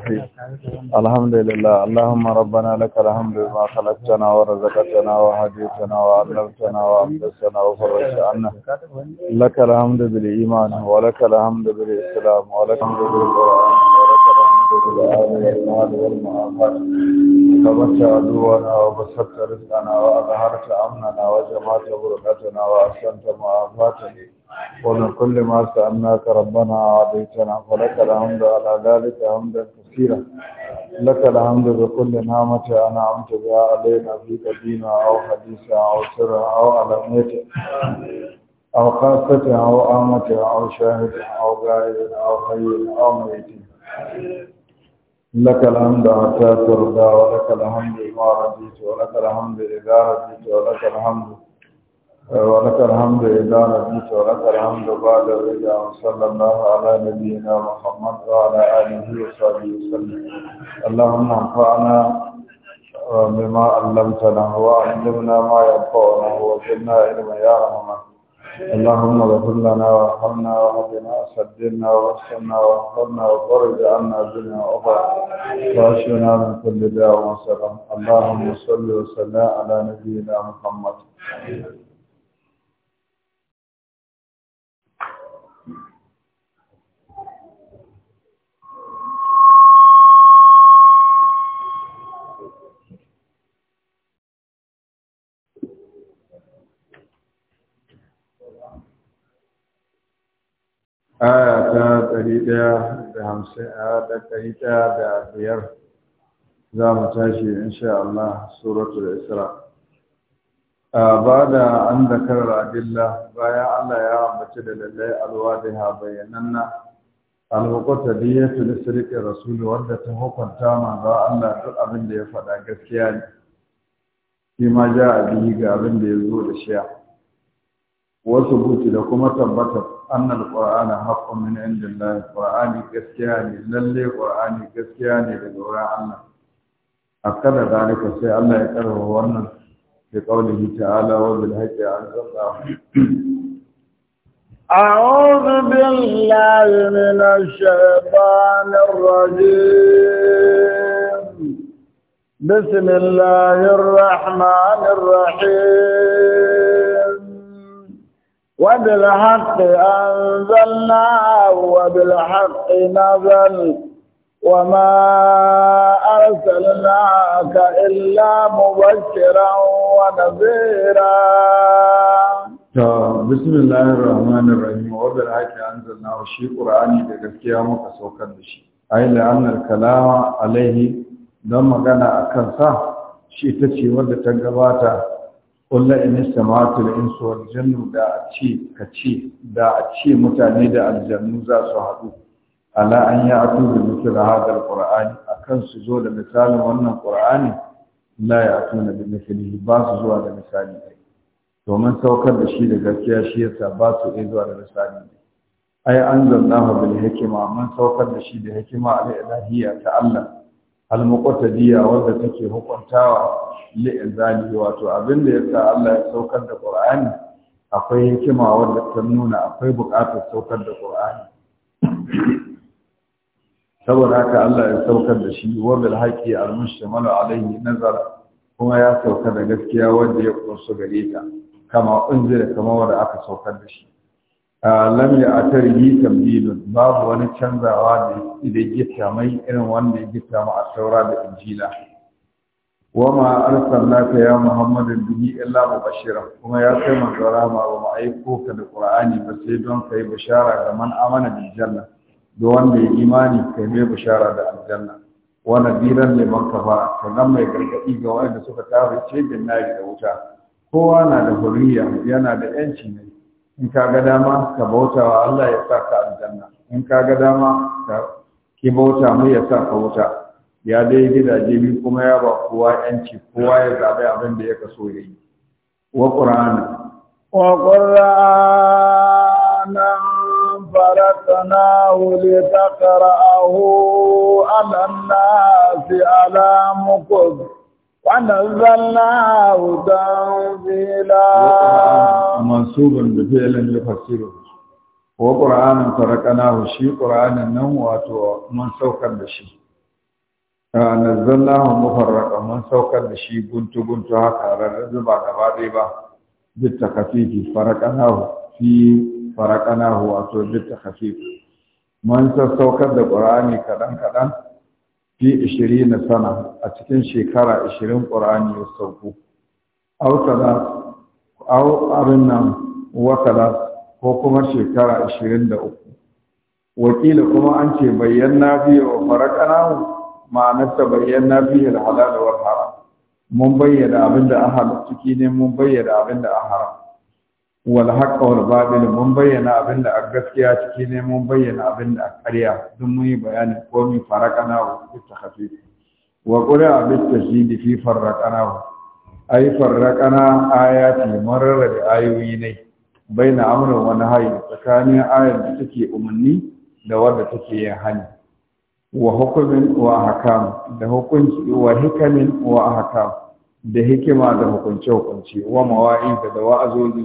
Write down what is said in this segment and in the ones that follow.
الرحيم الحمد لله اللهم ربنا لك الحمد بما خلقتنا ورزقتنا وهديتنا وعلمتنا وأمدتنا وفرجت عنا لك الحمد بالإيمان ولك الحمد بالإسلام ولك الحمد بالقرآن ولك الحمد بالآل والمال والمعافاة كبرت عدونا وبسطت رزقنا وأظهرت أمننا وجمعت بركتنا وأحسنت معافاتنا ومن كل ما سألناك ربنا عديتنا فلك الحمد على ذلك حمدا كثيرا لك الحمد بكل نعمة أنعمت بها علينا في قديمة أو حديثة أو سرة أو علانية أو خاصة أو آمة أو شاهد أو غائب أو حي أو ميت لك الحمد حتى ترضى ولك الحمد ما رضيت ولك الحمد إذا رضيت ولك الحمد ولك الحمد إذا نبيت ولك الحمد بعد الرجاء صلى الله على نبينا محمد وعلى آله وصحبه وسلم اللهم انفعنا بما علمتنا وعلمنا ما ينفعنا وزدنا علما يا رحمن اللهم اغفر لنا وارحمنا واهدنا وسددنا واحسنا واغفرنا وفرج عنا الدنيا واخرى واشفنا من كل داء وسلام اللهم صل وسلم على نبينا محمد aya ta ɗari ɗaya da hamsin a da ɗari ɗaya da biyar za mu tashi insha Allah suratul Isra. A ba da an zakarar adilla bayan Allah ya ambaci da lallai alwadiha bayyananna alhukuta diyatu da sirikin rasulu wadda ta hukunta manzo Allah duk abin da ya faɗa gaskiya ne. Shi ma ja a biyu ga abin da ya zo da shiya. Wasu buti da kuma tabbatar أن القرآن حق من عند الله القرآن كسياني للي القرآن كسياني لقراء الله أكد ذلك الشيء الله يكره ورنا بقوله تعالى وبالهجة عن الله أعوذ بالله من الشيطان الرجيم بسم الله الرحمن الرحيم وبالحق أنزلناه وبالحق نزل وما أرسلناك إلا مبشرا ونذيرا بسم الله الرحمن الرحيم وبالحق أنزلناه شيء قرآني بكتيا مكسوكا بشيء أي لأن الكلام عليه don magana a kansa shi ta ce wadda ta gabata kulla in istamatu da insu wal jinnu da a ce ka ce da a ce mutane da aljannu za su haɗu ala an ya atu da mutu da hadar qur'ani akan su zo da misalin wannan qur'ani la ya atu da misali ba su zuwa da misali domin saukar da shi da gaskiya shi yasa ba su iya zuwa da misali ɗaya ai an zannahu bil hikima mun saukar da shi da hikima al ilahiyya ta Allah al muqtadiya wanda take hukuntawa li'izali wato abin da yasa Allah ya saukar da Qur'ani akwai hikima wanda ta nuna akwai buƙatar saukar da Qur'ani saboda haka Allah ya saukar da shi wa bil haqi al mushtamalu alayhi nazar kuma ya sauka da gaskiya wanda ya kusa gare ta kama unzira kama wanda aka saukar da shi lam ya atari tabdilun babu wani canzawa da ya gita mai irin wanda ya gita mu a saura da injila wama arsalnaka ya muhammadin bihi illa mubashiran kuma ya kai manzo rahama wa aiko ka da qur'ani ba sai don kai bishara ga man amana bil janna do wanda ya imani kai mai bishara da aljanna wa nadiran liman kafara sannan mai gargadi ga wanda suka kafirce bin nari da wuta kowa na da huriya. yana da yanci ne in ka ga dama ka bauta wa Allah ya sa ka aljanna in ka ga dama ka ki bauta mu ya sa ka wuta ya dai gidaje biyu kuma ya ba kowa yanci kowa ya zaɓi abin da ya kaso ya yi. Wa ƙura'ana. Wa ƙura'ana faratana wuli ta ƙara'ahu anan na fi alamu kogi. Wannan zalla hudan fila. Masu ban da filin ya fasiru. Wa ƙura'anan faratana shi ƙura'anan nan wato man saukar da shi. nazzalna wa mufarraqa mun saukar da shi guntu guntu haka rarrazu ba gaba ɗaya ba bitta ta kafifi farakanahu fi farakanahu wato bitta ta kafifi mun saukar da ƙur'ani kaɗan kaɗan fi ishirin na sana a cikin shekara ishirin ƙur'ani ya sauko au abin nan wakala ko kuma shekara ishirin da uku wakila kuma an ce bayyana biyu wa farakanahu ma'anar ta bayyana fiye da halal wal haram mun bayyana abin da an halatta ne mun bayyana abin da an haram wal haqqa wal batil mun bayyana abin da a gaskiya ciki ne mun bayyana abin da a ƙarya duk mun yi bayani ko mi farakana wa ta hafi wa qura bit tashdid fi farraqana ay farraqana ayati marar da ayoyi ne na amrin wani hayi tsakanin ayar da take umarni da wadda take yin hani wa hukumin wa hakam da hukunci wa hikamin wa hakam da hikima da hukunce hukunci wa mawa'i da wa'azozi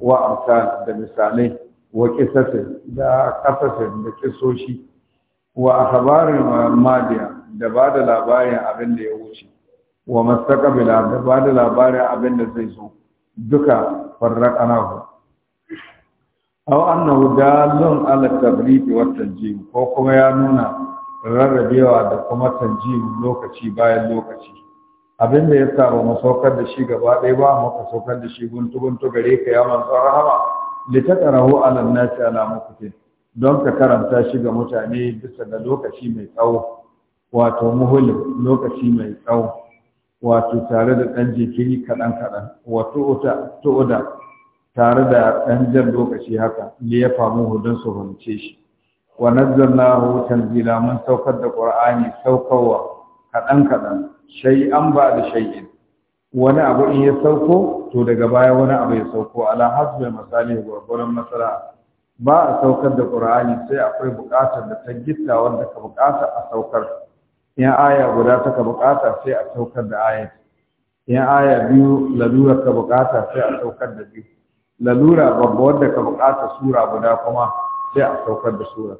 wa amsal da misalai wa kisasin da kasasin da kisoshi wa akhbarin madiya da ba da labarin abin da ya wuce wa mustaqbila da ba da labarin abin da zai zo duka hu aw annahu dalun ala tabridi wa tanjim ko kuma ya nuna rarrabewa da kuma canji lokaci bayan lokaci abin da ya samu mu saukar da shi gaba ɗaya ba muka saukar da shi guntu guntu gare ka ya manzon rahama litatarahu ala nasi ala mukutin don ka karanta shi ga mutane bisa da lokaci mai tsawo wato muhul lokaci mai tsawo wato tare da ɗan jikiri kaɗan kaɗan wato tu'uda tare da ɗan jan lokaci haka ne ya famu hudun su fahimce shi wa nazzalnahu tanzila mun saukar da qur'ani saukarwa kadan kadan shay'an ba da shay'in wani abu in ya sauko to daga baya wani abu ya sauko ala hasbi masalihi gurgurun masara. ba a saukar da qur'ani sai akwai buƙatar da ta gitta wanda ka buƙata a saukar in aya guda ta ka buƙata sai a saukar da aya in aya biyu lalura ka buƙata sai a saukar da biyu lalura babba wanda ka buƙata sura guda kuma sai a saukar da sura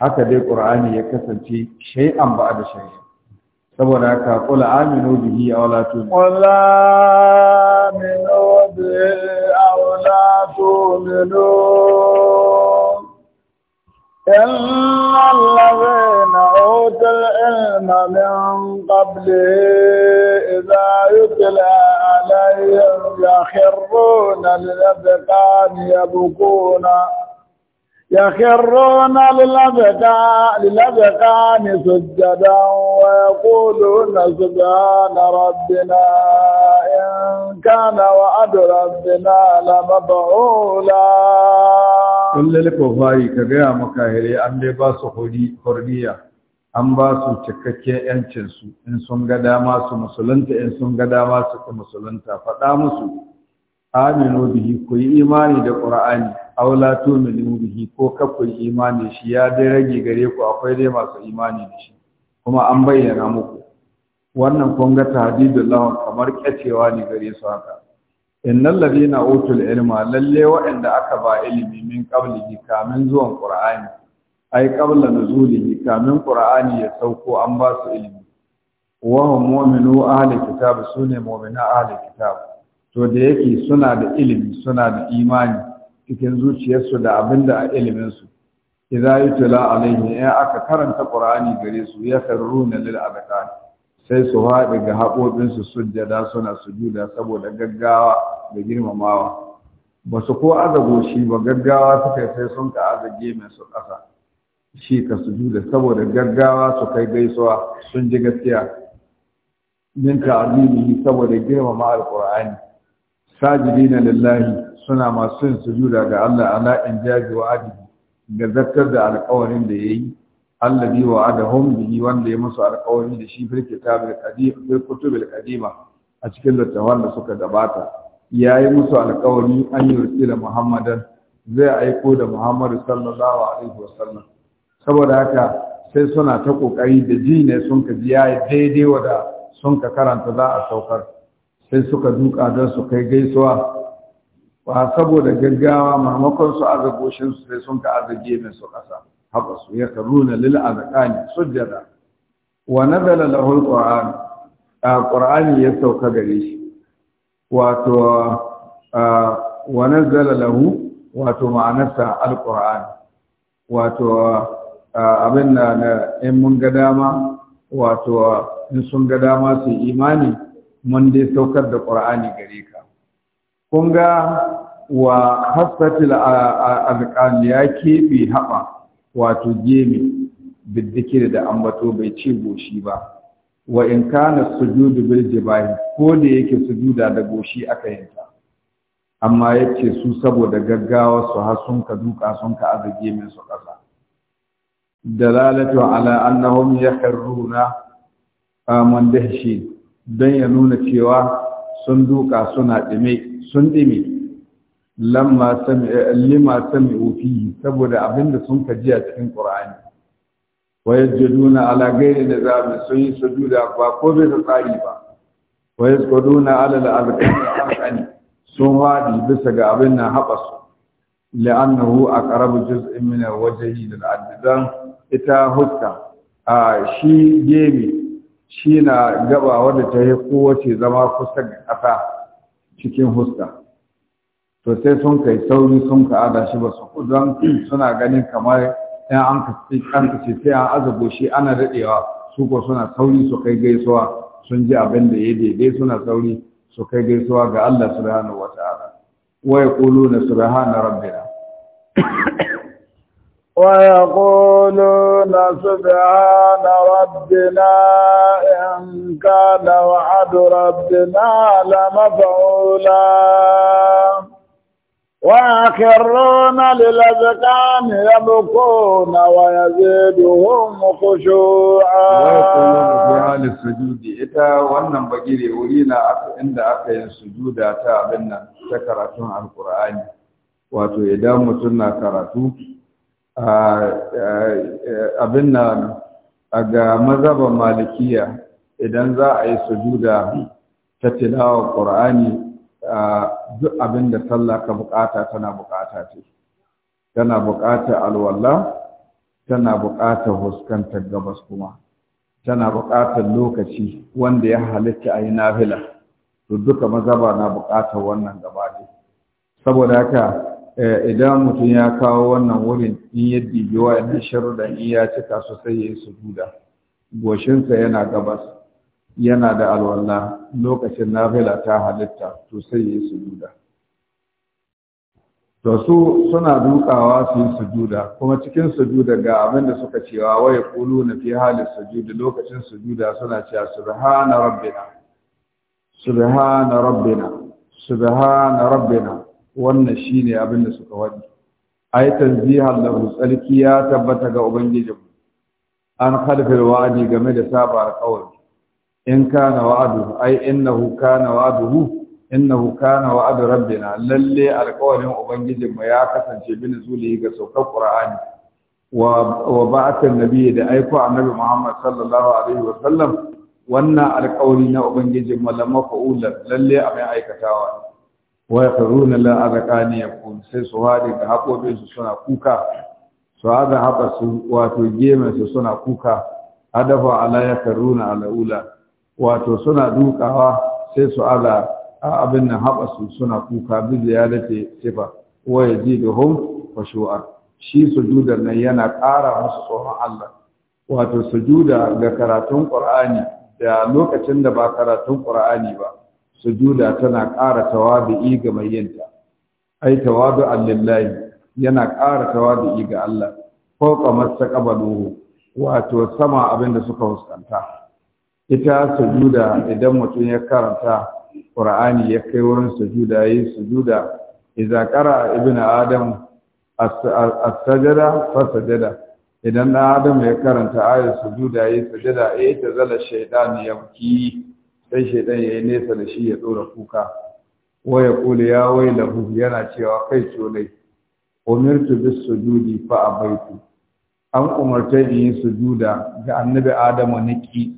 haka dai qur'ani ya kasance shay'an ba da shay'an saboda haka qul aminu bihi aw la tu'minu qul aminu bihi aw la tu'minu إن الذين أوتوا العلم من قبله إذا يتلى عليهم يخرون للأذقان يبكون يخرون للأذقان سجدا ويقولون سبحان ربنا إن كان وعد ربنا لمفعولا قل للكفار كبيرا مكاهلي أن لباس حرية an ba su cikakken yancinsu in sun ga dama su musulunta in sun ga dama aminu bihi ku yi imani da qur'ani aw la tu'minu bihi ko ka ku yi imani shi ya dai rage gare ku akwai dai masu imani da shi kuma an bayyana muku wannan kun ga tahdidullah kamar kacewa ne gare su haka innal ladina utul ilma lalle wa'anda aka ba ilimi min qablihi kamin zuwan qur'ani ai qabla nuzulihi kamin qur'ani ya sauko an ba su ilimi wa hum mu'minu ahli kitab sune mu'mina ahli kitab to da yake suna da ilimi suna da imani cikin zuciyarsu da abin da a iliminsu idza yutla alaihi ya aka karanta qur'ani gare su ya karuna lil adqan sai su haɗe ga haƙoƙin su sujjada suna sujuda saboda gaggawa da girmamawa ba su ko azago shi ba gaggawa suka sai sun ka azage mai su ƙasa shi ka sujuda saboda gaggawa su kai gaisuwa sun ji gaskiya min ta'zimi saboda girmama alqur'ani sajidina lillahi suna masu yin sujuda ga Allah ala in jaji wa ga zakkar da alƙawarin da yayi Allah bi wa adahum bi wanda ya musu alƙawari da shi fil kitabil qadim fil qadima a cikin littafan da suka gabata yayi musu alƙawari an yursila Muhammadan zai aiko da Muhammadu sallallahu alaihi wasallam saboda haka sai suna ta kokari da ji ne sun ka ji yayi daidai wa da sun ka karanta za a saukar sai suka duka don su kai gaisuwa ba saboda gaggawa maimakon su azaboshin su sai sun ka azage mai su kasa haka su ya karuna lil azqani sujjada wa nazala lahu alquran alqurani ya sauka gare shi wato wa nazala lahu wato ma'anarsa alqurani wato abin da in mun ga dama wato in sun ga dama su imani mun dai saukar da ƙur'ani gare ka kun ga wa hasatil alqan ya keɓe haɓa wato gemi biddikir da ambato bai ce goshi ba wa in kana sujudu bil jibahi ko da yake sujuda da goshi aka ta. amma yace su saboda gaggawa su har ka duka sun ka azage min su kasa dalalatu ala annahum yahruna aman shi. don ya nuna cewa sun duka suna ɗime sun ɗime lamma sami ofi eh, saboda abinda sun kaji a cikin ƙur'ani wa yajjaduna ala da nizamin sun yi su sujuda ba ko bai da tsari ba wa yasquduna ala al sun wadi bisa ga abin nan habasu li'annahu aqrabu juz'in min wajahi da lil don ita hutta a shi gemi shi na gaba wadda ta yi kowace zama kusa ga ƙasa cikin huska to sai sun kai sauri sun ka ada shi ba su don suna ganin kamar ɗan an kasi ce sai an azabo shi ana daɗewa su ko suna sauri su kai gaisuwa sun ji abin da ya daidai suna sauri su kai gaisuwa ga Allah subhanahu Kulu ta'ala wa yaquluna subhana rabbina ويقولون سبحان ربنا إن كان وعد ربنا لمفعولا ويخرون للأذقان يبكون ويزيدهم خشوعا ويقولون في حال السجود إتا وأنم بقيري ولينا عند أخي السجود أتا بنا تكرتون القرآن wato idan mutum كرتون abin na ga mazhaban malikiya idan za a yi sujuda ta tilawa qur'ani duk abin da sallah ka bukata tana bukata ce tana bukata alwala tana bukata huskantar gabas kuma tana bukatar lokaci wanda ya halitta a yi nafila to duka mazaba na bukatar wannan gaba saboda haka Eh, idan mutum ya kawo wannan wurin in ya dibi wa'annan sharuɗan in ya cika su sai ya yi sujuda goshinsa yana gabas yana da alwala lokacin nafila ta halitta to sai ya yi sujuda to su suna dukawa su yi sujuda kuma cikin sujuda ga abin da suka cewa waya kulu na fi halin sujuda lokacin sujuda suna cewa subhana rabbina subhana rabbina subhana rabbina wannan shine abin da suka wadi ay tanzihan da tsarki ya tabbata ga ubangijin an khalfil wa'adi game da sabar kawai in kana wa'adu rabbi innahu kana wa'aduhu innahu kana wa'adu rabbina lalle alƙawarin ubangijin mu ya kasance bin zuli ga saukar qur'ani wa wa ba'athan nabiyyi da aiko annabi muhammad sallallahu alaihi wa sallam wannan alƙawari na ubangijin mu lamma fa'ula lalle abin aikatawa wa la'ada ƙani ya yakun sai su haɗe da haƙoƙin suna kuka su haɓa su wato gemen suna kuka adafa ala faru na ala'ula wato suna dukawa sai su a abin nan haɓa su suna kuka ya dace sifa wa wa shu'ar shi sujudar nan yana ƙara musu tsoron Allah wato sujuda ga karatun ƙur'ani da lokacin da ba karatun ƙur'ani ba sujuda tana ƙara tawadu'i ga mai yinta ai tawadu'an lillahi yana ƙara tawadu'i ga Allah fauqa mastaqbaluhu wato sama abin da suka fuskanta. ita sujuda idan mutum ya karanta Qur'ani ya kai wurin sujuda yayi sujuda idza qara ibnu adam as-sajada fa sajada idan adam ya karanta ayar sujuda yayi sujuda ai eh, tazala shaytan yabki sai shaidan ya yi nesa da shi ya ɗora kuka ya kula ya wai lahu yana cewa kai tsolai umirtu bis sujudi fa abaitu an umarta yi sujuda ga annabi adamu niki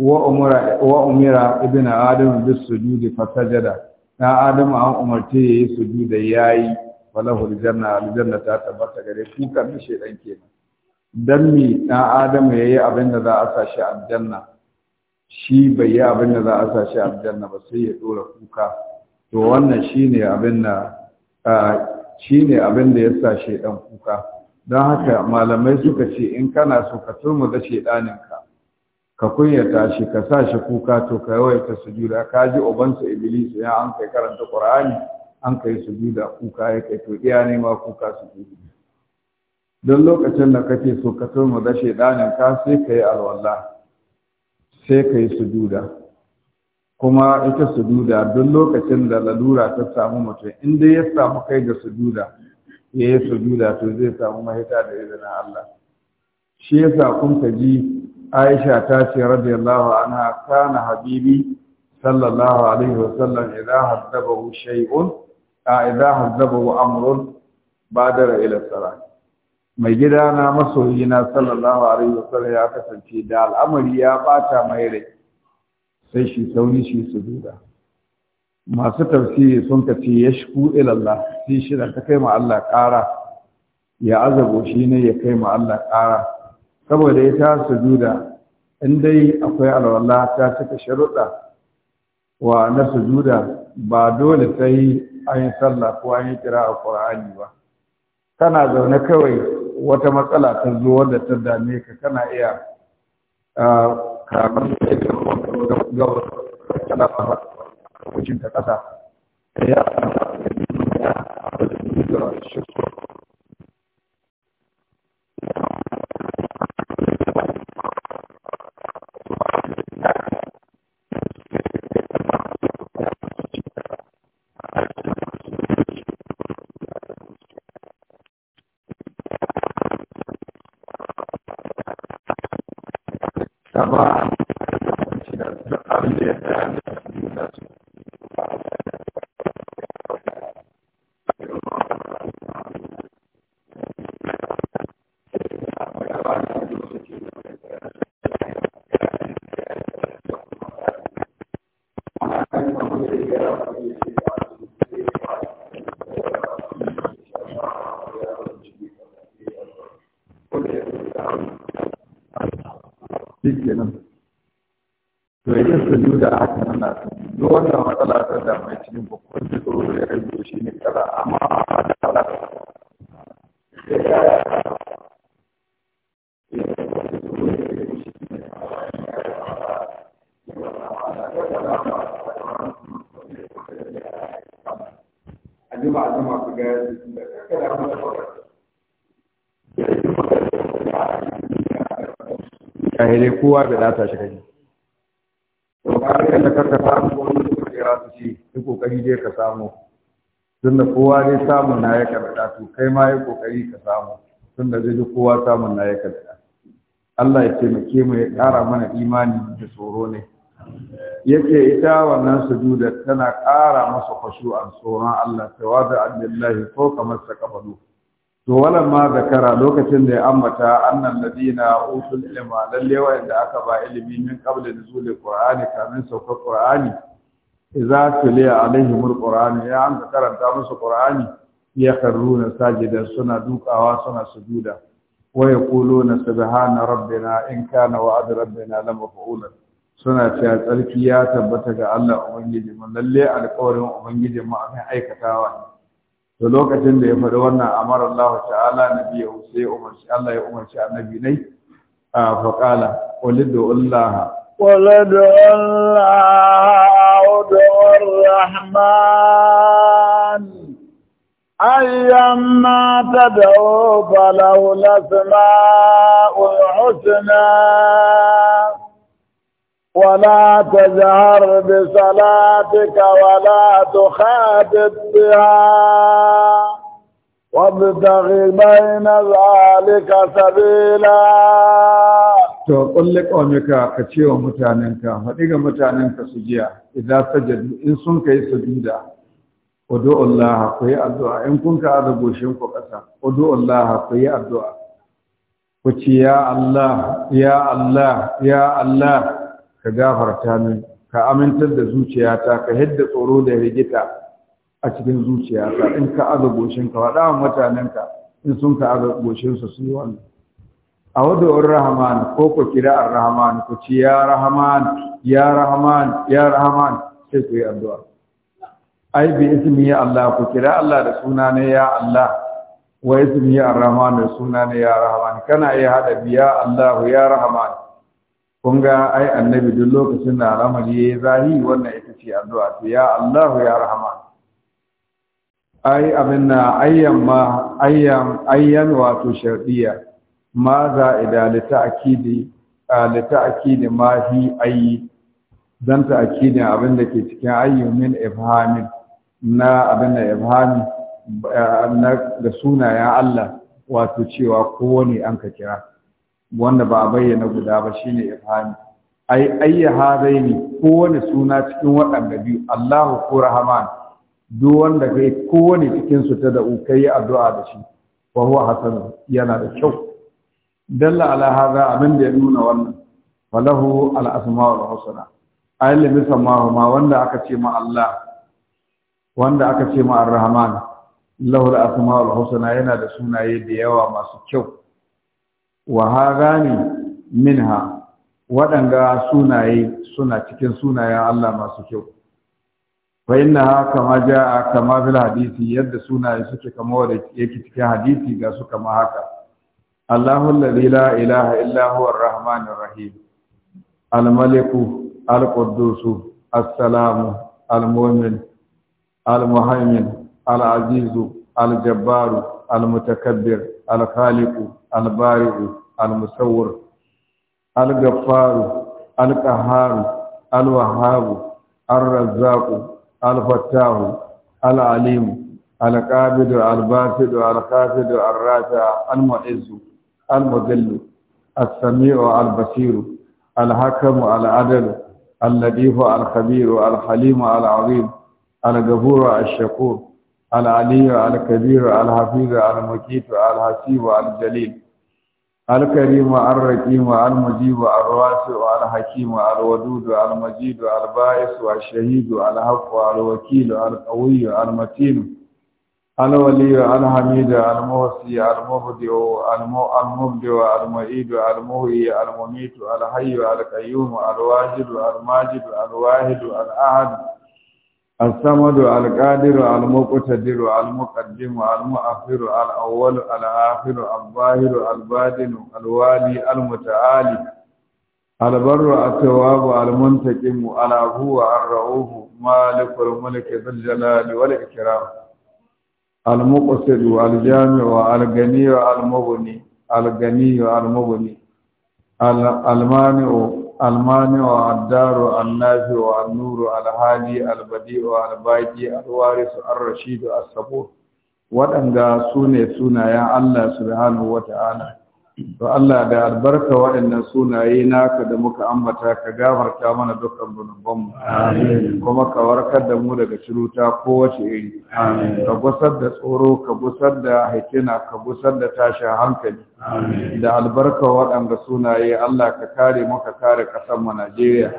wa umira wa umira ibnu adamu bis sujudi fa sajada na adamu an umarta yi sujuda yayi falahu aljanna aljanna ta tabbata gare kukan shaidan kenan dan mi na adamu yayi abin da za a sa shi aljanna shi bai yi abin da za a sa shi aljanna ba sai ya dora kuka to wannan shine abin da shine abin da ya sa dan kuka don haka malamai suka ce in kana so ka turmu da ka kunyata shi ka sa shi kuka to ka ta sujuda ka ji ubansa iblis ya an kai karanta qur'ani an kai sujuda kuka ya kai to iya ne ma kuka sujuda don lokacin da kake so ka turmu da sai ka yi alwallah sai ka yi sujuda kuma ita sujuda duk lokacin da lalura ta samu mutum in dai ya samu kai su sujuda ya yi sujuda to zai samu mahita da izinin Allah shi yasa kun ka ji Aisha ta ce radiyallahu anha kana habibi sallallahu alaihi wasallam idza haddabahu shay'un a idza haddabahu amrun badara ila salat mai gida na masoyi na sallallahu alaihi wa sallam ya kasance da al'amari ya bata mai rai sai shi sauri shi su duda masu tafsiri sun kace ya shku ilallah shi shida ta kai ma Allah ƙara ya azabo shi ne ya kai ma Allah ƙara saboda ya ta sujuda in dai akwai alwala ta cika sharuɗa wa na su sujuda ba dole sai an yi sallah ko an yi kira a ba kana zaune kawai wata matsala ta zo wadda ta dame ka kana iya kamar da gaba cikin ta kasa ya a da shi kowa da ɗata shi kai to ka ga da karka samu wani suka kira su ci yi kokari dai ka samu tun da kowa dai samu na ya karɓa to kai ma yi kokari ka samu tun da ji kowa samun na ya karɓa Allah ya taimake mu ya ƙara mana imani da tsoro ne yake ita wannan sujuda tana ƙara masa a tsoron Allah tawadu kamar fawqa masakabalu to wannan ma zakara lokacin da ya ambata annan ladina usul ilma lalle wanda aka ba ilimi min qabla nuzul qur'ani kamin saukar qur'ani idza tuliya alaihim alqur'ani ya an karanta musu qur'ani ya sa sajida suna dukawa suna sujuda wa yaquluna subhana rabbina in kana wa'd rabbina la maf'ula suna cewa tsarki ya tabbata ga Allah ubangiji mu lalle alƙawarin ubangiji mu akan aikatawa to lokacin da ya faɗi wannan amara Allah ta'ala biya, sai umarci Allah ya umarci annabi nai a faqala ulidu Allah ulidu Allah udu Rahman ayyamma tad'u falahu al-asma'ul husna ولا تجهر بصلاتك ولا تخاطب بها وابتغ بين ذلك سبيلا to kulle kaumika ka ce wa mutanenka faɗi ga mutanenka su jiya idan sajadu in sun kai sujuda udu Allah ku yi addu'a in kun ka aza goshin ku ƙasa udu Allah ku yi addu'a ku ci ya Allah ya Allah ya Allah ka gafarta min ka amintar da zuciyata ka hidda tsoro da rigita a cikin zuciyata in ka aza goshin ka faɗa mutanen mutanenka in sun ka aza goshin su yi wani a wadda rahman ko ku kira arrahman rahman ku ci ya rahman ya rahman ya rahman sai ku yi addu'a ai bi ismi ya Allah ku kira Allah da suna ne ya Allah wa ismi ya ar-rahman da suna ne ya rahman kana iya hada biya Allah ya rahman kun ga ai annabi duk lokacin da al'amari ya yi zahi wannan ita ce addu'a to ya Allahu ya rahama. ai abin na ayyan ma ayyan ayyan wato shardiya ma za ida li ta'kidi li ta'kidi ma hi ayi dan ta'kidi abin da ke cikin ayyu min ifhamin na abin da ifhami na da sunayen Allah wato cewa ne an ka kira wanda ba a bayyana guda ba shine ifhami ai ayya hadaini kowane suna cikin waɗanda biyu Allahu ko Rahman duk wanda kai kowane cikin su ta da ukai addu'a da shi wa huwa hasan yana da kyau dalla ala hada abin da ya nuna wannan falahu al asmaul husna ai limi samahu ma wanda aka ce ma Allah wanda aka ce ma Ar-Rahman lahu al asmaul husna yana da sunaye da yawa masu kyau Wahara ne minha waɗanga sunaye suna cikin sunayen Allah masu kyau fa inna kama jaa kama bil hadisi yadda sunaye suke kama wanda yake cikin hadisi ga su kama haka Allahu alladhi la ilaha illa huwa ar-rahmanir rahim al-maliku al-quddus as-salamu al-mu'min al-muhaymin al-azizu al-jabbaru al-mutakabbir Alkhaliku albari'u almusawwir Algaffaru alqahharu alwahhabu arrazzaqu alfattahu alalimu alqabidu albasidu alqafidu arrafi'u almu'izzu almudhillu السميع البصير الحكم العدل اللطيف الخبير الحليم العظيم الغفور الشكور العلي الكبير الحفيظ المكيت الحسيب الجليل الكريم الرقيم المجيب الواسع الحكيم الودود المجيد البائس الشهيد الحق الوكيل القوي المتين الولي الحميد الموصي المبدع المبدع المعيد المهي المميت الحي القيوم الواجد الماجد الواحد الأحد الصمد القادر المقتدر المقدم المؤخر الأول الآخر الظاهر البادن الوالي المتعالي البر التواب المنتقم على هو الرؤوف مالك الملك ذو الجلال والإكرام المقصد الجامع الغني المغني الغني المغني المانع المانع الدار النافع النور الهادي البديع الباقي الوارث الرشيد الصبور waɗanda su ne sunayen Allah subhanahu Wata'ala. to Allah da albarka waɗannan sunaye naka da muka ambata ka gafarta mana dukkan mu kuma ka warkar da mu daga ciruta kowace iri ka gusar da tsoro ka gusar da hikina ka gusar da tashin hankali da albarka waɗanda sunaye Allah ka kare mu kare ƙasar mu Najeriya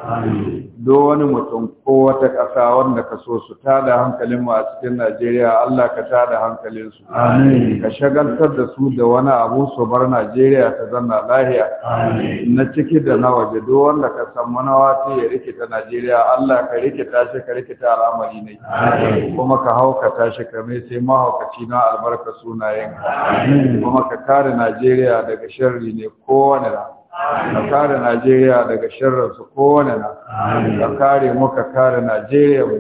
do wani mutum ko wata ƙasa wanda ka so su tada hankalin mu a cikin Najeriya Allah ka tada hankalin su ka shagaltar da su da wani abu su bar Najeriya ta zanna lahiya na ciki da na waje do wanda ka san manawa ya rikita Najeriya Allah ka rikita shi ka rikita al'amari ne kuma ka haukata shi ka mai sai mahaukaci na albarka sunayen kuma ka kare Najeriya Najeriya daga sharri ne kowane na. ka kare Najeriya daga sharrarsu kowane na ka kare mu ka kare Najeriya mu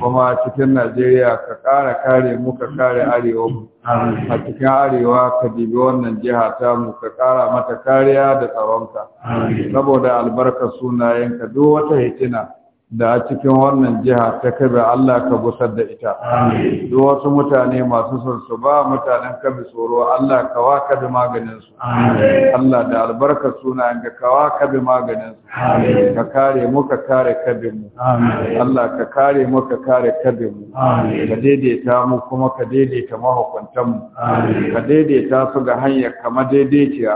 kuma cikin Najeriya ka kara kare mu ka kare arewa mu a cikin arewa ka dibi wannan jiha ta mu ka kara mata kariya da tsaronka saboda albarkar sunayenka duk wata hitina da cikin wannan jiha ta kabe Allah ka busar da ita duk wasu mutane masu son su ba mutanen kabe tsoro Allah ka wa kabe maganin su Allah da albarka sunayen ka ka wa kabe maganin su ka kare mu ka kare kabe mu Allah ka kare mu ka kare kabe mu ka daidaita mu kuma ka daidaita mahukuntan mu ka daidaita su ga hanyar ka madaidaiciya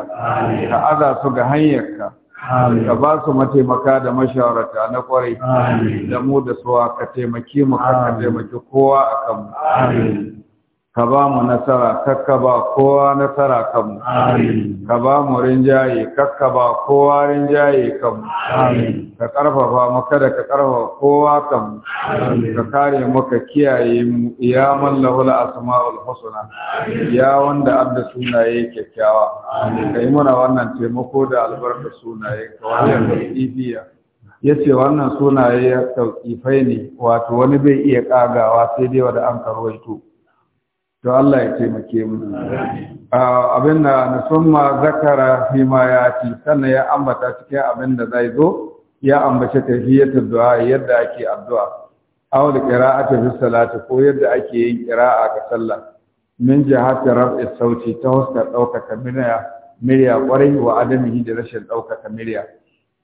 ka aza su ga hanyar ka ka ba su mataimaka da mashawarta na kwarai da mu da suwa ka taimake mu ka taimaki kowa a kanmu ka ba mu nasara kakka ba kowa nasara kanmu ka ba mu rinjaye kakka ba kowa rinjaye kanmu ka karfafa mu kada ka karfafa kowa kanmu ka kare mu ka kiyaye mu ya man al asmaul husna ya wanda abda sunaye kyakkyawa ka yi mana wannan taimako da albarka sunaye ka wannan ibiya ya ce wannan sunaye ya tauƙifai ne wato wani bai iya ƙagawa sai dai wanda an karwaito to Allah ya taimake mu abin da nasumma zakara fi ma ya ci sannan ya ambata cikin abin da zai zo ya ambace tahiyatul du'a yadda ake addu'a aw da qira'atu fi salati ko yadda ake yin qira'a ga sallah min jihati raf'i sauti ta huskar ɗaukaka mirya kwarai wa adamihi da rashin ɗaukaka mirya.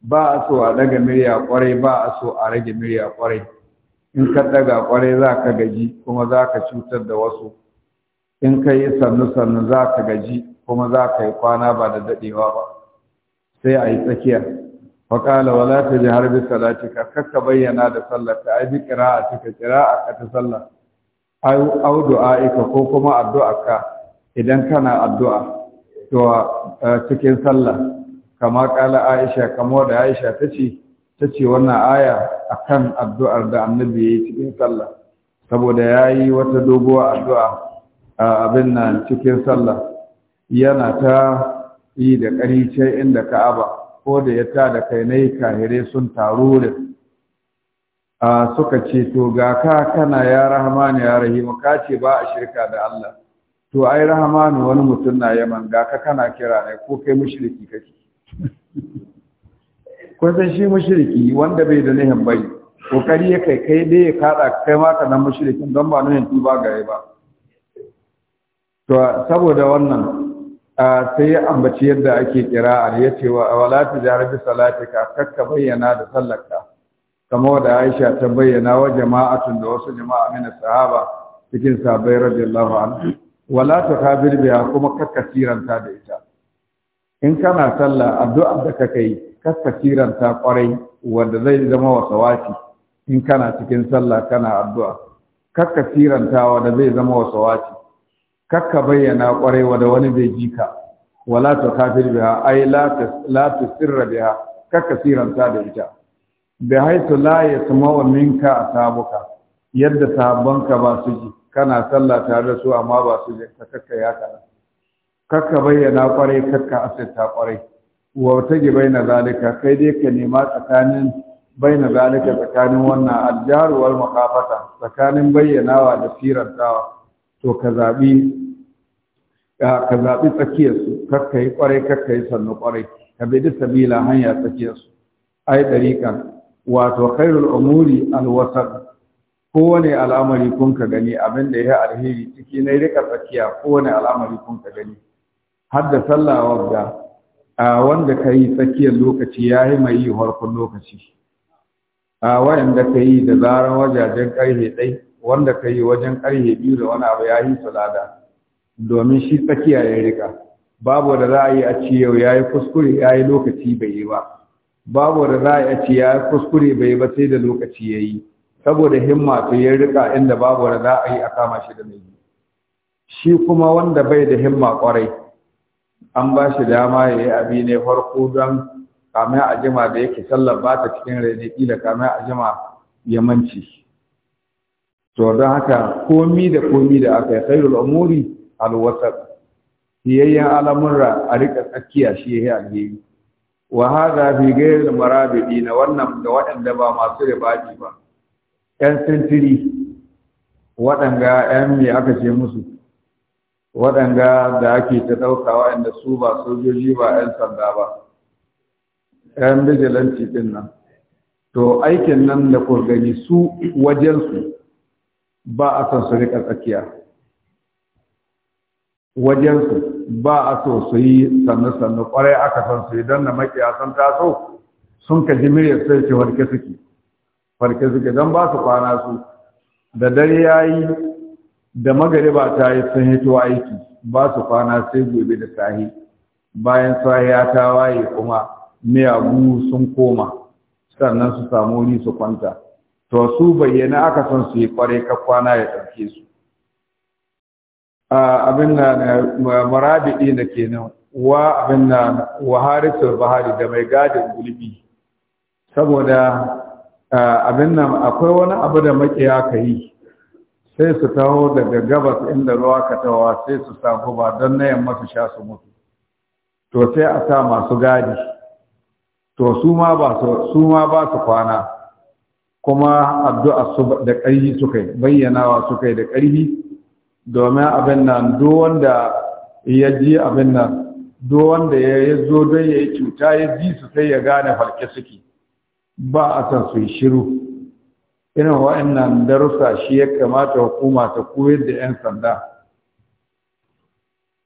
ba a so a daga mirya kwarai ba a so a rage mirya kwarai in ka daga kwarai za ka gaji kuma za ka cutar da wasu in ka yi sannu-sannu za ka gaji kuma za ka yi kwana ba da daɗewa ba sai a yi tsakiya faƙala za ta ji harbi salatika kakka bayyana da sallah. ta aibi kira a cika "Kira ka ta sallah!" au ika ko kuma addu'a ka idan kana addu'a to eh, cikin sallah kama ƙala aisha kama da aisha ta ce ta ce wannan aya a kan addu'ar da annabi ya yi cikin sallah saboda ya yi wata doguwa addu'a abin nan cikin sallah yana ta yi da ƙarice inda ka'aba ko da ya ta da kai nai kahire sun taru da suka ce to ga ka kana ya rahmanu ya rahimu ka ce ba a shirka da Allah to ai rahmanu wani mutum na yaman ga ka kana kira ne ko kai mushriki kake kun san shi mushriki wanda bai da nihin bai kokari ya kai kai dai ya kada kai ma kana nan mushrikin don ba nuhin tuba gare ba to saboda wannan sai ya ambaci yadda ake kira ya ce wa wala tijara bi salatika kakka bayyana da sallarka kamar da Aisha ta bayyana wa jama'atun da wasu jama'a min sahaba cikin sahabbai radiyallahu anhu wala tukabir biha kuma kakka siranta da ita in kana sallah addu'a da kakayi, kai kakka siranta kwarai wanda zai zama wasawati in kana cikin sallah kana addu'a kakka siranta wanda zai zama wa wasawati kakka bayyana kwarai wa da wani bai ji ka wala ta kafir biha ai la ta sirra biha kakka siranta da ita bi haitu la yasma'u minka sabuka yadda sabanka ba su ji kana sallah tare da su amma ba su ji ka kakka ya kana kakka bayyana kwarai kakka asirta kwarai wa ta bai na zalika kai dai ka nema tsakanin bai na zalika tsakanin wannan aljaruwar makafata tsakanin bayyanawa da sirantawa to ka zaɓi. ka zaɓi tsakiyarsu karka yi ƙwarai karka yi sannu ƙwarai ka bi duk sabila hanya tsakiyarsu ai kan. wato khairul umuri alwasat kowane al'amari kun ka gani abin da ya alheri ciki na rika tsakiya kowane al'amari kun ka gani har da sallah wadda a wanda ka yi tsakiyar lokaci ya yi mai yi harkun lokaci a wayanda ka yi da zarar wajajen ƙarfe ɗai wanda ka yi wajen ƙarfe biyu da wani abu ya yi salada domin shi tsakiya ya rika babu da za a yi a ce yau ya yi kuskure ya yi lokaci bai yi ba babu da za a yi a ce ya yi kuskure bai yi ba sai da lokaci ya yi saboda himma to ya rika inda babu da za a yi a kama shi da mai shi kuma wanda bai da himma kwarai an ba shi dama ya yi abi ne farko don kamar a jima da yake sallar ba ta cikin rai kila kamar a jima ya manci to don haka komi da komi da aka yi khairul umuri alwasar siyayyen al'amurra a rika tsakiya shi ya yi alheri wa haza fi gairil marabidi na wannan da waɗanda ba masu ribaji ba ƴan sintiri waɗanga ƴan me aka ce musu waɗanga da ake ta ɗauka waɗanda su ba sojoji ba ƴan sanda ba ƴan bijilanci ɗin nan to aikin nan da kurgani su wajensu ba a san su riƙa tsakiya wajensu ba a so su yi sannu-sannu kwarai aka san su idan na makiya sun taso sun ka ji sai ce warke suke warke suke don ba su kwana su da dare ya yi da magariba ta yi sun hito aiki ba su kwana sai gobe da sahi bayan ya ta waye kuma miyagu sun koma sannan su samu wuri su kwanta to su bayyana aka son su yi kwarai ka kwana ya ɗauke su abin na marabidi na kenan wa abin na waharisul bahari da mai gadin gulbi saboda abin nan akwai wani abu da makiya ka yi sai su taho daga gabas inda ruwa ka tawa sai su sa ba don na yamma su sha su mutu to sai a sa masu gadi to su ma ba su kwana kuma addu'a su da ƙarfi suka yi bayyanawa suka yi da ƙarfi domin abin nan duk wanda ya ji abin nan duk wanda ya zo don ya yi cuta ya ji su sai ya gane farke suke ba a san su yi shiru irin wa'annan darussa shi ya kamata hukuma ta koyar da 'yan sanda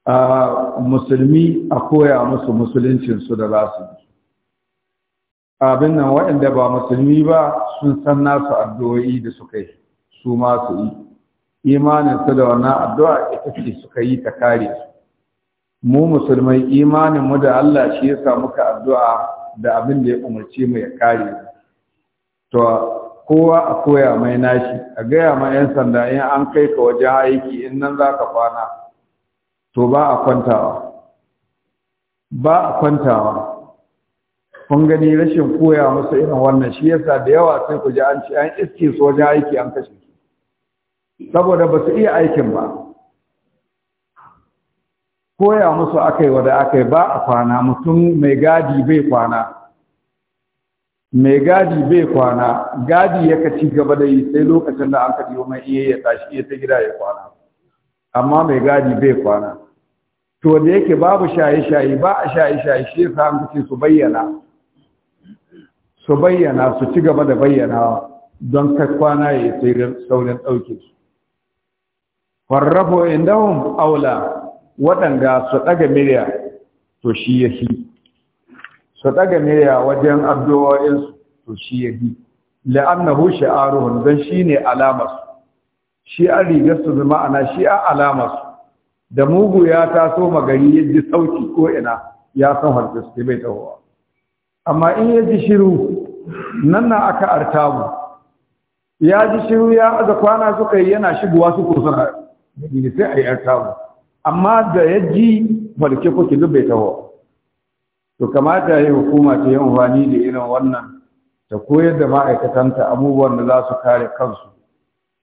a musulmi a koya musu musuluncinsu da za su yi abin nan waɗanda ba musulmi ba sun san nasu addu'o'i da suka yi su ma su yi imanin su da wannan addu'a ita ce suka yi ta kare su mu musulmai imanin mu da Allah shi yasa muka addu'a da abin da ya umarce mu ya kare mu to kowa a koya mai nashi a gaya ma 'yan sanda in an kai ka wajen aiki in nan za ka kwana to ba a kwantawa ba a kwantawa kun gani rashin koya musu irin wannan shi yasa da yawa sai ku ji an ci an iske su wajen aiki an kashe saboda ba su iya aikin ba koya musu aka yi wada aka ba a kwana mutum mai gadi bai kwana mai gadi bai kwana gadi ya ka ci gaba da yi sai lokacin da an ka biyo mai iya ya tashi iya ta gida ya kwana amma mai gadi bai kwana to da yake babu shaye-shaye ba a shaye-shaye shi ya an kace su bayyana su bayyana su ci gaba da bayyana don kakwana kwana ya yi saurin ɗauke su farrafo indahum aula waɗanga su ɗaga miliya to shi ya fi su ɗaga miliya wajen abdu'o'insu to shi ya fi la'annahu sha'aruhun don shi ne alamarsu shi an su zama ana shi an alamarsu da mugu ya taso magari ya ji sauki ko ina ya san su bai tahowa amma in ya ji shiru nan na aka artamu ya ji shiru ya aza kwana suka yi yana shigowa su kusa ne sai a yi ‘yar tawo, amma da ya ji farke kuke bai taho to kamata ya hukuma ta yi amfani da irin wannan ta koyar da ma'aikatanta abubuwan da za su kare kansu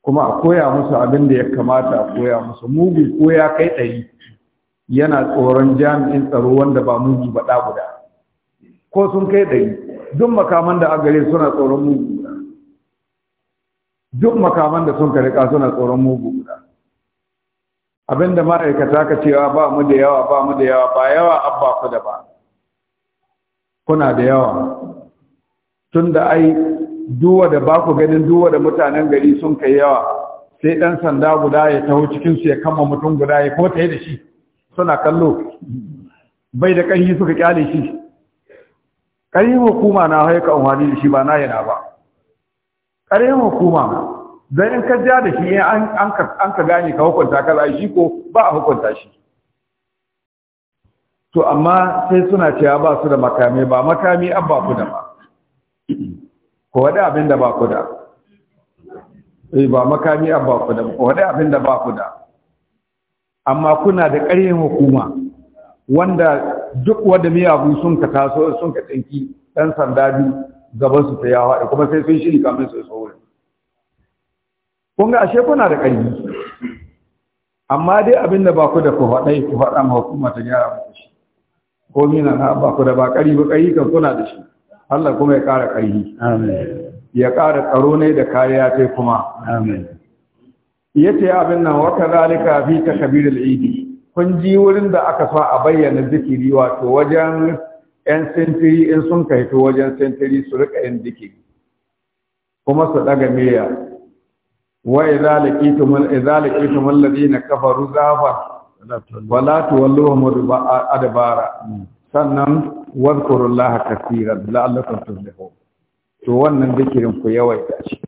kuma a koya musu abin da ya kamata a koya musu mugu ko ya kai ɗari yana tsoron jami'in tsaro wanda ba mugu ba ɗa guda ko sun kai ɗari duk makaman da agare suna tsoron mugu guda duk makaman da sun karika suna tsoron mugu guda abinda ma'aikata ka cewa ah, ba mu da yawa ba mu da yawa ba yawa abba ku da ba kuna da yawa tun da ai duwa da ba ku ganin duwa da mutanen gari sun kai yawa sai ɗan sanda guda ya taho cikinsu ya kama mutum guda ya ko ta da shi suna kallo bai da ƙarfi suka kyale shi ƙarfin hukuma na haika umarni da shi ba na yana ba ƙarfin hukuma dan in ka ja da shi eh, an an ka gane ka hukunta ka a shi ko ba a hukunta shi to amma sai suna cewa ba su da makami ba makami an ba ku da ba ko wada abin da ba ku da eh ba makami an ba ku da ko wada abin da ba ku da amma kuna da ƙaryen hukuma wanda duk wanda miyagu sun ka taso sun ka tsinki dan sanda biyu gaban su ta yawa kuma sai sun shiri kamin su so kun ga ashe kuna da ƙarfi amma dai abin da ba ku da ku faɗai ku faɗa ma hukuma ta gyara muku shi ko mina na ba ku da ba ƙari ba ƙari kan kuna da shi Allah kuma ya ƙara ƙarfi ya ƙara tsaro ne da kariya ta kuma yace abin nan wa kadhalika fi takbir al-eid kun ji wurin da aka sa a bayyana zikiri wato wajen yan sentiri in sun kai to wajen sentiri su rika yin zikiri kuma su daga miya wa idza laqitumul idza laqitumul ladina kafaru zafa wala tuwalluhum adbara sannan wadhkurullaha kaseeran la'allakum tuflihu to wannan zikirin ku yawaita shi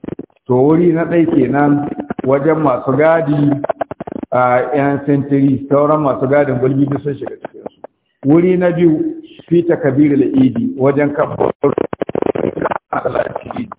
to wuri na dai kenan wajen masu gadi a yan century sauran masu gadin gulbi da sun shiga cikin su wuri na biyu fi takabirul idi wajen kafa a talatin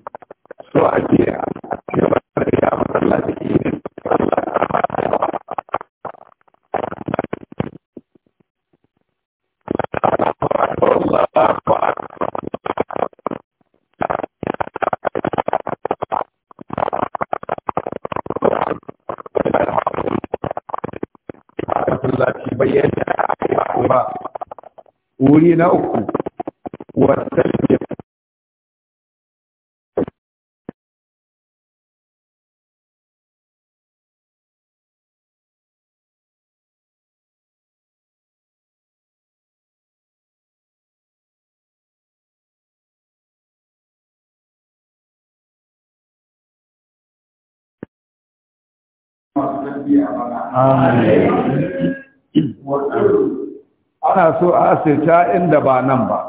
ana so a asirta inda ba nan ba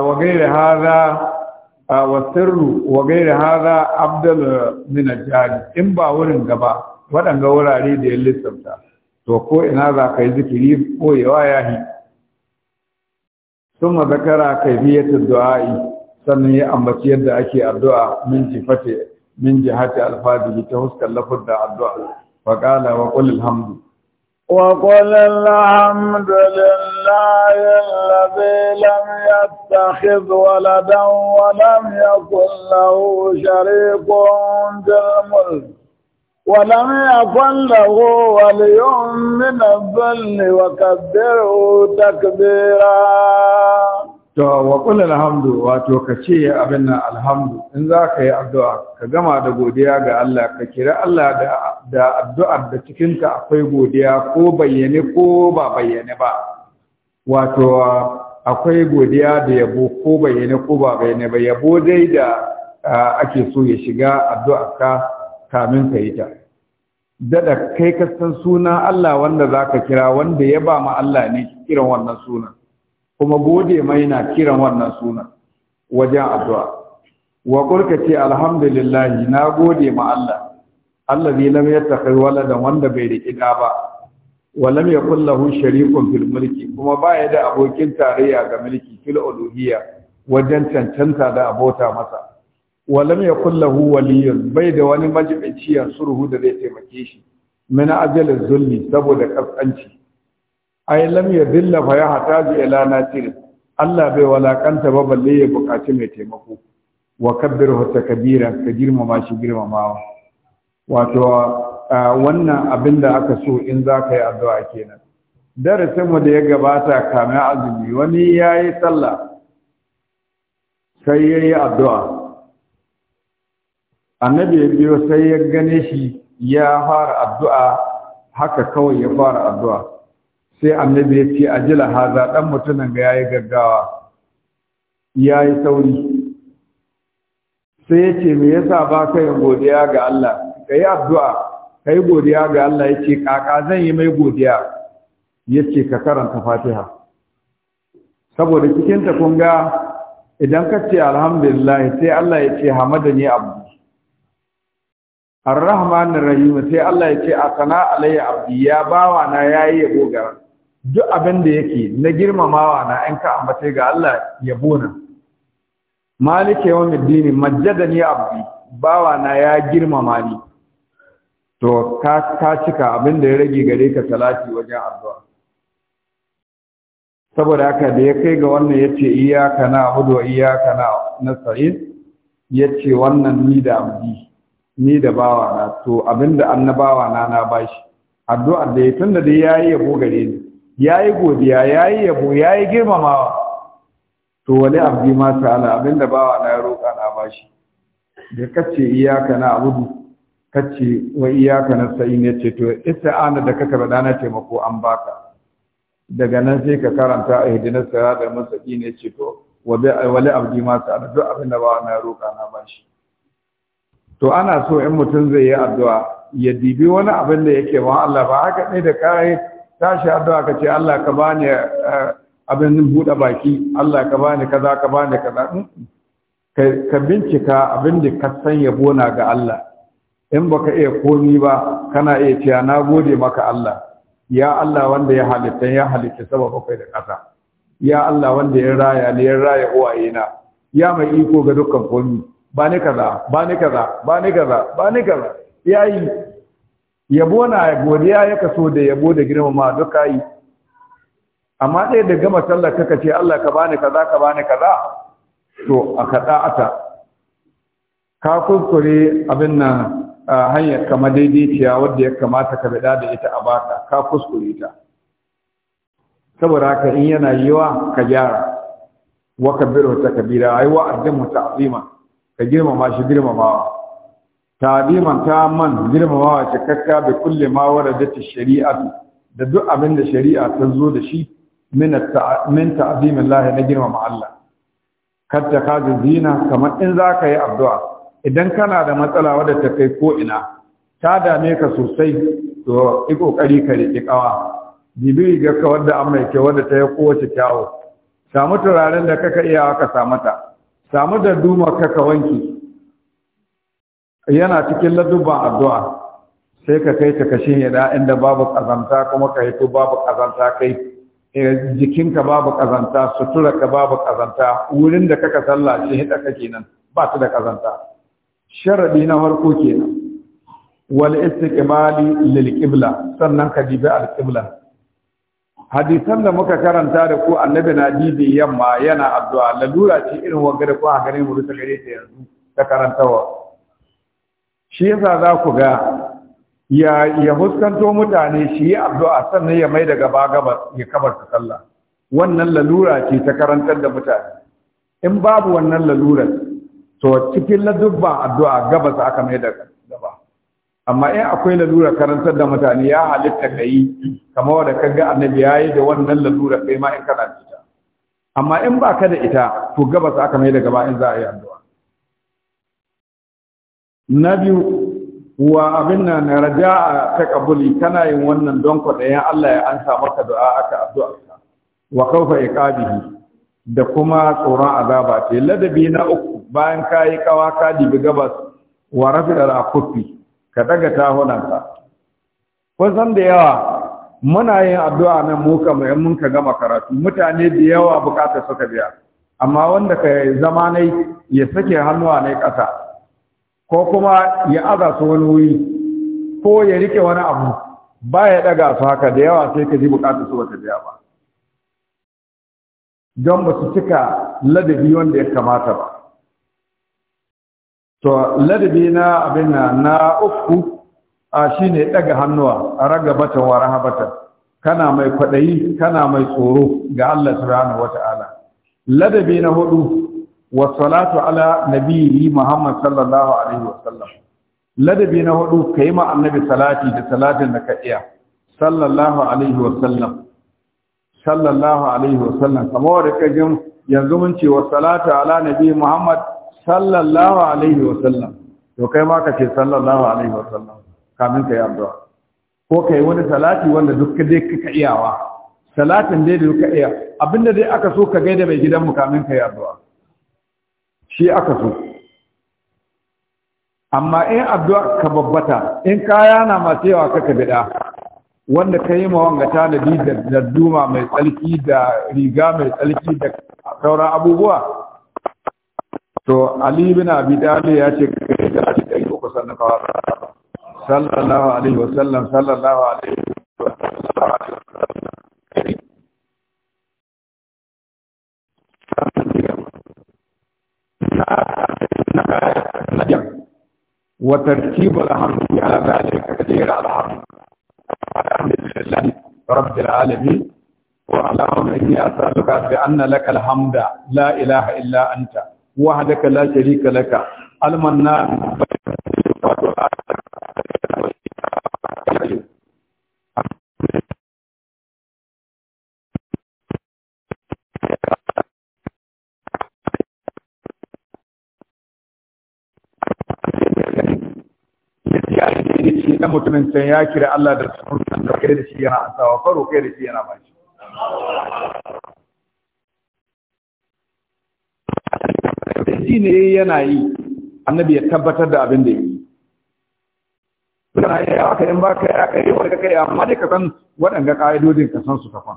wa gairi haza a sirru wa haza abdul minajjari in ba wurin gaba waɗanga wurare da ya lissafta to ko ina za ka yi zikiri koyewa ya yi sun mazakara biyatar du'a'i sannan ya ambaci yadda ake addu'a min jifate min jihati alfadihi ta huskar lafar da addu’a wa ƙala wa ƙulil hamdu. Wa ƙulil hamdu lillahi lafi lam yadda khidu waladan wa lam ya kullahu sharikun jirmul. ولم يكن له ولي من الظل وكبره تكبيرا to wa kula alhamdu wato ka ce abin nan alhamdu in za ka yi addu'a ka gama da godiya ga Allah ka kira Allah da addu'ar da cikin akwai godiya ko bayyane ko ba bayyane ba wato akwai godiya da yabo ko bayyane ko ba bayyane ba yabo dai da ake so ya shiga addu'a ka kamin ka yi ta dada kai ka san suna Allah wanda zaka kira wanda ya ba ma Allah ne kiran wannan sunan kuma gode mai na kiran wannan sunan wajen addu'a wa kurka ce alhamdulillah na gode ma Allah allah zai lam yattakhid waladan wanda bai riƙi da ba wa lam yakul lahu sharikun fil mulki kuma baya da abokin tarayya ga mulki fil uluhiyya wajen cancanta da abota masa wa lam kulla lahu waliyyun bai da wani majibinci ya surhu da zai taimake shi mana ajalin zulmi saboda ƙasƙanci. ai lam yadilla fa yahtaju ila nasir Allah bai walakanta ba balle ya bukaci mai taimako wa kabbiru takbira ka girmama shi girmamawa wato wannan abin da aka so in za ka yi addu'a kenan darasin mu da ya gabata kamar azumi wani yayi yi sallah sai ya addu'a annabi ya biyo sai ya gane shi ya fara addu'a haka kawai ya fara addu'a sai annabi ya ce a jila haza dan mutumin ga yayi gaggawa ya yi sauri sai ya ce me yasa ba ka yin godiya ga Allah Ka abdu'a addu'a yi godiya ga Allah Ya ce kaka zan yi mai godiya Ya ce ka karanta Fatiha saboda cikin ta kun ga idan ka ce alhamdulillah sai Allah ya ce ne abu ar-rahman sai Allah ya ce a sana'a alayya abdi ya bawa na yayi yabo duk abin da yake na girmamawa na in ka ambace ga Allah yabo na malike dini middini ni abu. bawa na ya girmama ni to ka cika abin da ya rage gare ka salati wajen addu'a saboda haka da ya kai ga wannan ya ce yace iyyaka na'budu wa iyyaka ya ce wannan ni da abu, ni da bawa na to abinda annabawa na na bashi addu'ar da ya tunda da yi yabo gare ni ya yi godiya ya yi yabo ya yi girmamawa to wani abdi ma abin abinda ba na ya roƙa na bashi da kace iyaka na abudu kace wa iyaka na sai ne? ce to ana da kaka bada na taimako an baka daga nan sai ka karanta a hidinar sirata masaki ne ce to wali abdi ma ala duk abinda ba na ya roƙa na bashi to ana so in mutum zai yi addu'a ya dibi wani abin da yake wa Allah ba haka ne da kai tashi addu'a ka ce Allah ka bani eh, abin buɗe baki Allah ka bani kaza ka bani kaza ka bincika abin da ka san yabo na ga Allah in baka iya komi ba kana iya cewa na gode maka Allah ya Allah wanda ya halitta ya halitta sama bakwai da ƙasa ya Allah wanda ya raya ne ya raya uwaye na ya mai iko ga dukkan komi ba ni kaza ba ni kaza ba ni kaza ba ni kaza yayi yabo na godiya ya kaso da yabo da girmama duka yi amma ɗaya da gama sallar ka ce Allah ka bani kaza ka bani kaza to a kaɗa ata ka kuskure abin nan hanyar kama daidaiciya wadda ya kamata ka bada da ita a baka ka kuskure ta saboda haka in yana yiwa ka gyara wa Kabira, takbira ai wa addamu ta'zima ka girmama shi girmamawa ta'diman man girmamawa cikakka bi kulli ma waradati shari'atu da duk abin da shari'a ta zo da shi min min ta'dimin lahi na girmama Allah ta ka zina kamar in za ka yi addu'a idan kana da matsala wadda ta kai ko ina ta dame ka sosai to yi kokari ka riki kawa jibiri ga ka wanda an mai kyau wadda ta yi kowace kyawu samu turaren da kaka iya ka samu ta samu da duma kaka wanki yana cikin ladubban addu'a sai ka kai ta kashin yada inda babu kazanta kuma ka to babu kazanta kai eh, jikinka babu kazanta ka babu kazanta wurin da kaka sallah shi hida kake nan ba ta da kazanta sharadi na farko kenan wal istiqbali lil qibla sannan ka dibi al qibla hadisan da muka karanta da ku annabi na dibi yamma yana addu'a lalura ce irin wanga da ku a garin mu ta gare ta yanzu ta karantawa shi yasa za ku ga ya ya huskanto mutane shi yi addu'a sannan ya mai da gaba gaba ya kabarta sallah wannan lalura ce ta karantar da mutane in babu wannan lalura to cikin ladubban addu'a gaba sa aka mai da gaba amma in akwai lalura karantar da mutane ya halitta ka yi kamar wanda ga annabi ya yi da wannan lalura kai ma in kana da ita amma in baka da ita to sa aka mai da gaba in za a yi addu'a na biyu wa abin nan raja'a ta kabuli kana yin wannan don kwaɗayin Allah ya ansa maka du'a aka addu'a wa kaufa iqabihi da kuma tsoron azaba ce ladabi na uku bayan kayi kawa ka dibi gabas wa rafida al-kufi ka daga tahunanka kun san da yawa muna yin addu'a nan mu kamar mun ka gama karatu mutane da yawa bukatar suka biya amma wanda ka zama ne ya sake hannuwa ne ƙasa ko kuma ya aza su wani wuri ko ya rike wani abu ba ya daga su haka da yawa sai ka ji bukatar su bata biya ba don ba su cika ladabi wanda ya kamata ba to ladabi na abin na uku a shine ɗaga hannuwa a raga batan wa rahabatan kana mai kwaɗayi kana mai tsoro ga Allah subhanahu wata'ala ladabi na hudu wa salatu ala nabiyyi Muhammad sallallahu alaihi wa sallam ladabi na hudu kai ma annabi salati da salatin da ka iya sallallahu alaihi wa sallam sallallahu alaihi wa sallam kamar da kajin yanzu mun ce wa salatu ala nabiyyi Muhammad sallallahu alaihi wa sallam to kai ma ka ce sallallahu alaihi wa sallam kamin ka yi addu'a ko kai wani salati wanda duk dai kaka iyawa salatin dai da duka iya abinda dai aka so ka gaida mai gidan mu kamin ka yi addu'a shi aka so amma in addu'a ka babbata in kaya na masu yawa kaka bida wanda ka yi ma wanga tanadi da duma mai tsarki da riga mai tsarki da sauran abubuwa to ali bin abi ya ce yi da shi dai ko sannan ka sallallahu alaihi wasallam sallallahu alaihi wasallam وترتيب الأهم على ذلك كثير على الحمد لله رب العالمين وعلى إني أسألك بأن لك الحمد لا إله إلا أنت وحدك لا شريك لك المنان wannan mutumin can ya kira Allah da sunan da kai da shi yana asawa faro kai da shi yana bashi shi ne yana yi annabi ya tabbatar da abin da ya yi suna yi aka in ba ka ya kai yi wani kai amma dai ka san waɗanda ƙa'idodin ka san su kafan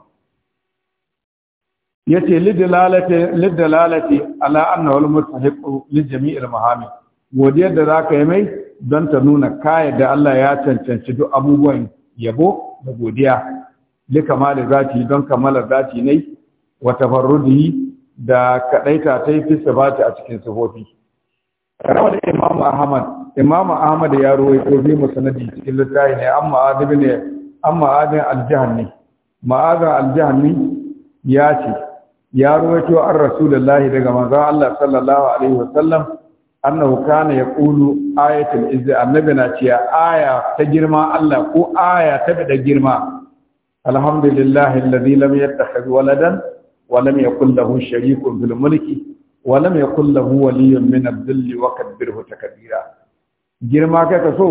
ya ce lidda lalata ala annahu wal mutahiqu li jami'il mahami godiyar da zaka yi mai don ta nuna kaya da Allah ya cancanci duk abubuwan yabo da godiya likama da zati don kamalar zati ne wa tafarrudihi da kadaita ta yi fi sabati a cikin sifofi rawa da imam ahmad imam ahmad ya ko bi musanadi cikin littafi ne amma adib ne amma adin aljahanni ma'aza aljahanni ya ce ya ruwaito an rasulullahi daga manzon Allah sallallahu alaihi wasallam annahu kana yaqulu ayatul izzi annabi na ce aya ta girma Allah ko aya ta da girma alhamdulillahi alladhi lam yattakhidh waladan wa lam yakul lahu sharikun fil mulki wa lam yakul lahu waliyyun min adh-dhilli wa kabbirhu takbira girma kai ka so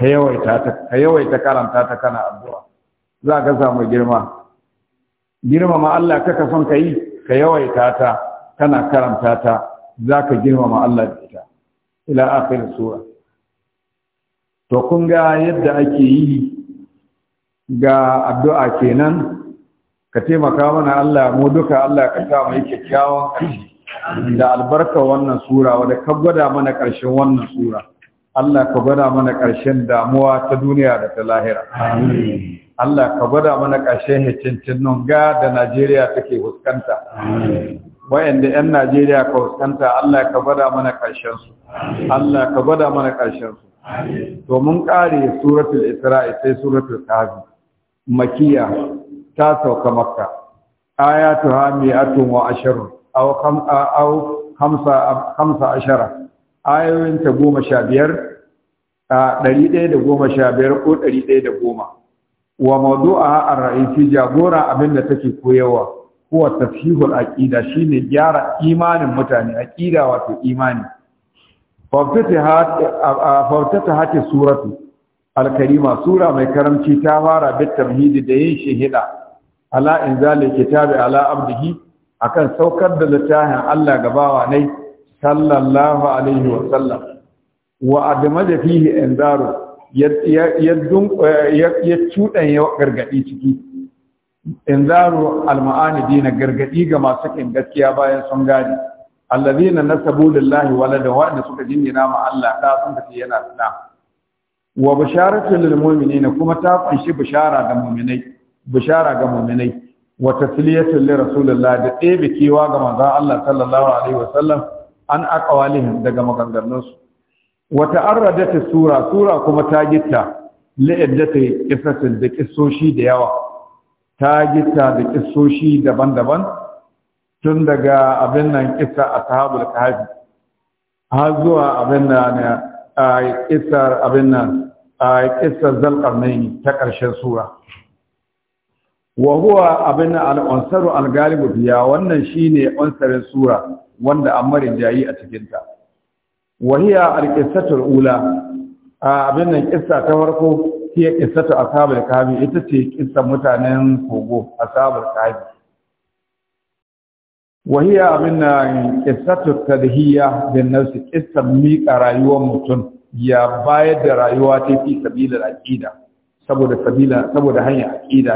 ka yawaita ta ka yawaita karanta ta kana addu'a za ka samu girma girmama Allah kaka son ka yi ka yawaita ta kana karanta ta za ka girmama Allah da ita ila akhir sura to kun ga yadda ake yi ga addu'a kenan ka taimaka mana Allah mu duka Allah ka sa mu kyakkyawan da albarka wannan sura wanda ka gwada mana ƙarshen wannan sura Allah ka gwada mana ƙarshen damuwa ta duniya da ta lahira Allah ka gwada mana ƙarshen hicintin nan ga da Najeriya take fuskanta wayanda yan Najeriya ka fuskanta Allah ka bada mana karshen su Allah ka bada mana karshen su to mun kare suratul Isra'i sai suratul Kahf makiya ta sauka makka ayatuha mi'atun wa asharun aw kam aw khamsa khamsa ashara ayoyin ta goma sha biyar a ɗari ɗaya da goma sha biyar ko ɗari ɗaya da goma wa mawdu'a ar-ra'isi jagora abin da take koyarwa huwa tafhihul aqida shine gyara imanin mutane aqida wato imani fautata hati suratu alkarima sura mai karamci ta fara bit tamhidi da yin shahida ala inzali kitabi ala abdihi akan saukar da littafin Allah gabawa ne sallallahu alaihi wa sallam wa adama da fihi inzaru ya ya ya ya gargadi ciki inzaru alma'ani dina gargadi ga masu kin gaskiya bayan sun gane allazina nasabu lillahi walada wanda suka jingina ma Allah da sun kace yana da wa bisharatu lil mu'minina kuma ta kunshi bishara ga mu'minai bishara ga mu'minai wa tasliyatu lir rasulillahi da ɗebe kewa ga manzo Allah sallallahu alaihi wasallam an aqwalihim daga maganganunsu wa ta'arradat sura sura kuma ta gitta li'iddati qisasin da qissoshi da yawa ta gita da kisoshi daban-daban tun daga abin nan kisa a ashabul kahafi har zuwa abin nan a kisar abin nan a zalkar zalqarnaini ta ƙarshen sura wa huwa abin al-unsaru al-galibu biya wannan shine unsarin sura wanda mara jayi a cikinta. ta wa hiya al ula abin nan kisa ta farko hiya a ashabul kabi ita ce kissan mutanen kogo ashabul kabi wahiya hiya minna qissatu tadhiya da nasu kisa miƙa rayuwar mutum ya bayar da rayuwa ta fi sabilar aqida saboda sabila saboda hanyar aqida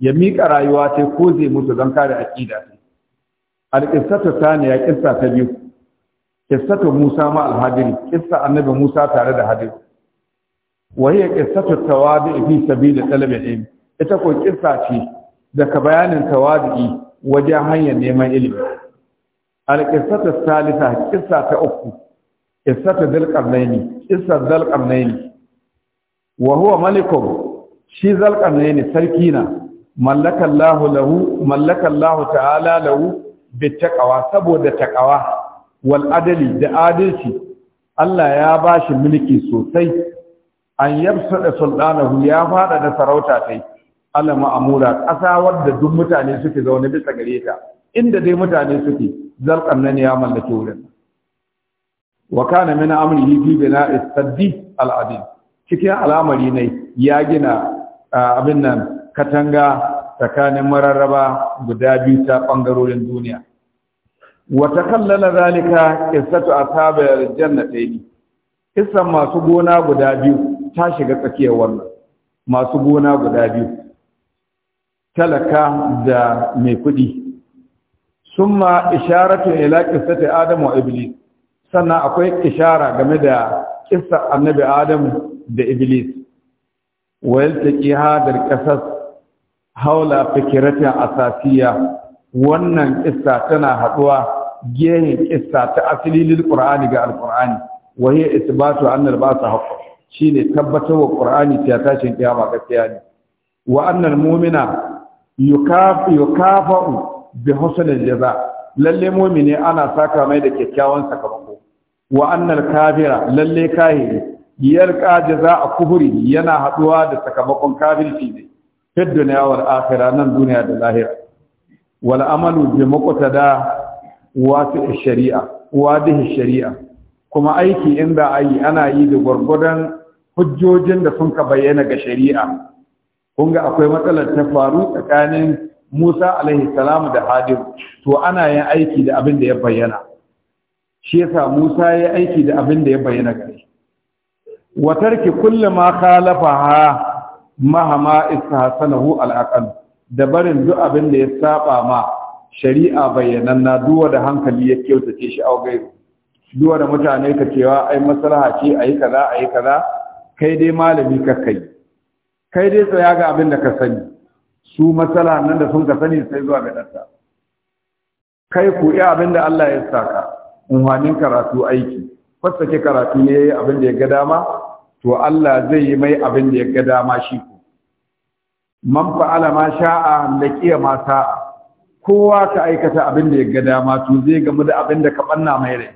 ya miƙa rayuwa ta ko zai mutu don kare aqida ta al-qissatu ya qissa ta biyu qissatu Musa ma al-Hadiri annabi Musa tare da Hadiri wa hiya qissatu tawadi fi sabil talab al-ilm ita ko kissa ce daga bayanin tawadi wajen hanyar neman ilimi al-qissatu salisa kissa ta uku qissatu dal qarnaini qissa dal qarnaini wa huwa malikum shi zal qarnaini sarki na mallaka Allah lahu mallaka Allah ta'ala lahu bi taqwa saboda taqwa wal adali da adalci Allah ya bashi mulki sosai an yarsa da sultanahu ya fada da sarauta kai ala ma'amura ƙasa wadda duk mutane suke zaune bisa gare ta inda dai mutane suke zalƙan nan ya mallaki wurin wa kana min amrihi fi bina'i saddi al-adil cikin al'amari ne ya gina abin nan katanga tsakanin mararraba guda biyu ta bangarorin duniya wa takallala zalika qissatu ashabi al jannati isan masu gona guda biyu ta shiga tsakiyar wannan masu gona guda biyu talaka da mai kuɗi summa isharatu ila qissati adam wa iblis sannan akwai ishara game da kissa annabi Adamu da iblis wa yaltaqi hadar qasas haula fikiratin asasiya wannan kissa tana haduwa gehen kissa ta asilil qur'ani ga alƙurani wa hiya isbatu anna al-ba'sa shine tabbatar wa ƙur'ani ta tashin kiyama gaskiya ne wa annal mu'mina yukafu bi husnil jaza lalle mu'mini ana saka mai da kyakkyawan sakamako wa annal kafira lalle kahiri yalqa jaza kuburi yana haduwa da sakamakon kafirci ne fi dunya wal akhirah nan duniya da lahira wal amalu bi muqtada wasi shari'a wadihi shari'a kuma aiki inda ayi ana yi da gurgurdan hujjojin da sun ka bayyana ga shari'a kun ga akwai matsalar ta faru tsakanin Musa alaihi salamu da Hadir to ana yin aiki da abin da ya bayyana shi yasa Musa ya aiki da abin da ya bayyana gare wa tarki kullu ma khalafaha mahama istahsanahu al-aqal da barin duk abin da ya saba ma shari'a bayyana na duwa da hankali ya kyautace shi a gairu duwa da mutane ka cewa ai maslaha ce ayi kaza ayi kaza kai dai malami ka kai kai dai tsaya ga abin da ka sani su matsala nan da sun ka sani sai zuwa ga ɗansa kai ku iya abin da Allah ya saka unhanin karatu aiki ke karatu ne ya yi abin da ya ga dama to Allah zai yi mai abin da ya ga dama shi ku man fa'ala ma sha'a kiya ma sa'a kowa ka aikata abin da ya ga dama to zai gamu da abin da ka banna mai rai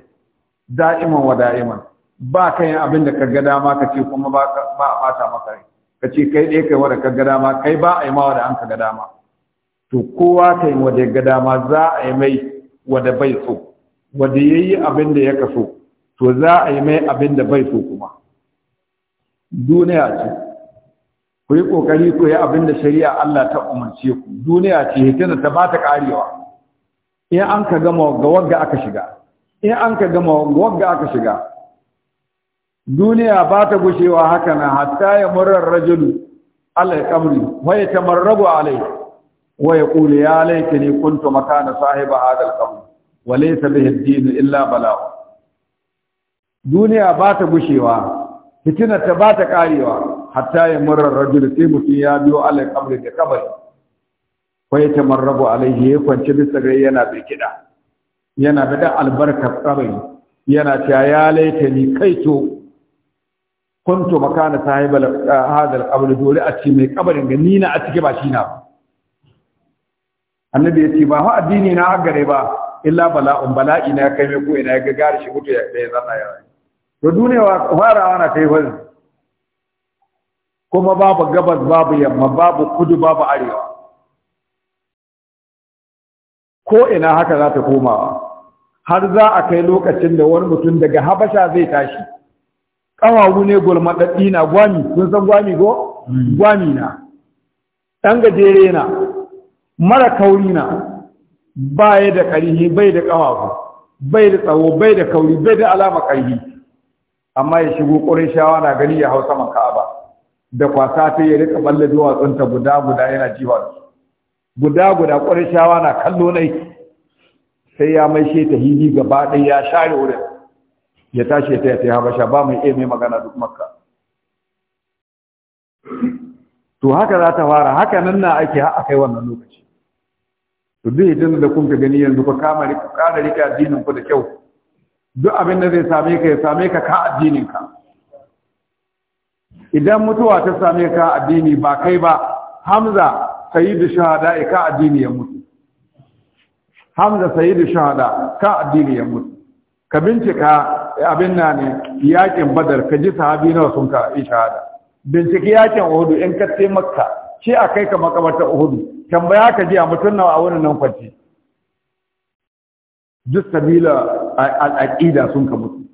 da'iman wa da'iman ba ka yin abin da ka ga dama ka ce kuma ba a bata maka rai ka ce kai ɗaya kai wanda kaga ga dama kai ba a yi ma wanda an kaga ga dama to kowa ka yi wanda ya ga dama za a yi mai wanda bai so wanda ya yi abin da ya kaso to za a yi mai abin da bai so kuma duniya ce ku yi ƙoƙari ku yi abin da shari'a Allah ta umarce ku duniya ce hitina ta ba ta ƙarewa in an ka gama ga aka shiga in an ka gama ga wagga aka shiga duniya ba ta gushewa haka na hatta ya murar rajulu Allah ya kamri waya tamarrabu alai ya kuli ya laita ne kuntu makana sahiba hadal kamri wa laysa bihi ad-din illa bala'u duniya ba ta gushewa fitina ta ba ta karewa hatta ya murar rajulu sai mutum ya biyo Allah ya kamri da kabari waya tamarrabu alai ya kwanci bisa gare yana bikida yana da albarkar kabari yana ta ya laita ni kaito kuntu makana sahibal ah, hadal qabr dole a ce mai kabarin ga ni na a cike ba shi na annabi ya ce ba fa addini na agare ba illa bala'un bala'i na kai mai ko ina ya gagara shi mutu ya da zana ya to duniya fara ana kai fa kuma babu gabas babu yamma babu kudu babu arewa ko ina haka za ta komawa har za a kai lokacin da wani mutum daga habasha zai tashi ƙawawu ne gulmaɗaɗɗi na gwami kun san gwami go? Mm. gwami na ɗan gajere na mara kauri na baya da ƙarihi bai da ƙawawu bai da tsawo bai da kauri bai da alama ƙarihi amma ya shigo shawa na gani ya hau sama ka'aba da kwasa ta ya rika balle duwatsunta guda guda yana jiwa guda guda shawa na kallo nai sai ya maishe ta hili gaba ɗaya ya share wurin ya tashi ya taya habasha ba mai iya mai magana duk makka to haka za ta fara haka nan na ake a kai wannan lokaci to duk idan da kun ga gani yanzu ka kama kada rika addinin ku da kyau duk abin da zai same ka ya same ka ka addinin ka idan mutuwa ta same ka addini ba kai ba hamza sayyidu shahada eh, ka addini ya mutu hamza sayyidu shahada ka addini ya mutu ka bincika abin na ne yakin badar ka ji sahabi nawa sun ka yi shahada binciki yakin uhudu in ka ce makka ce a kai ka makabarta uhudu tambaya ka ji a mutum nawa a wani nan kwanci duk sabila al'aqida sun ka mutu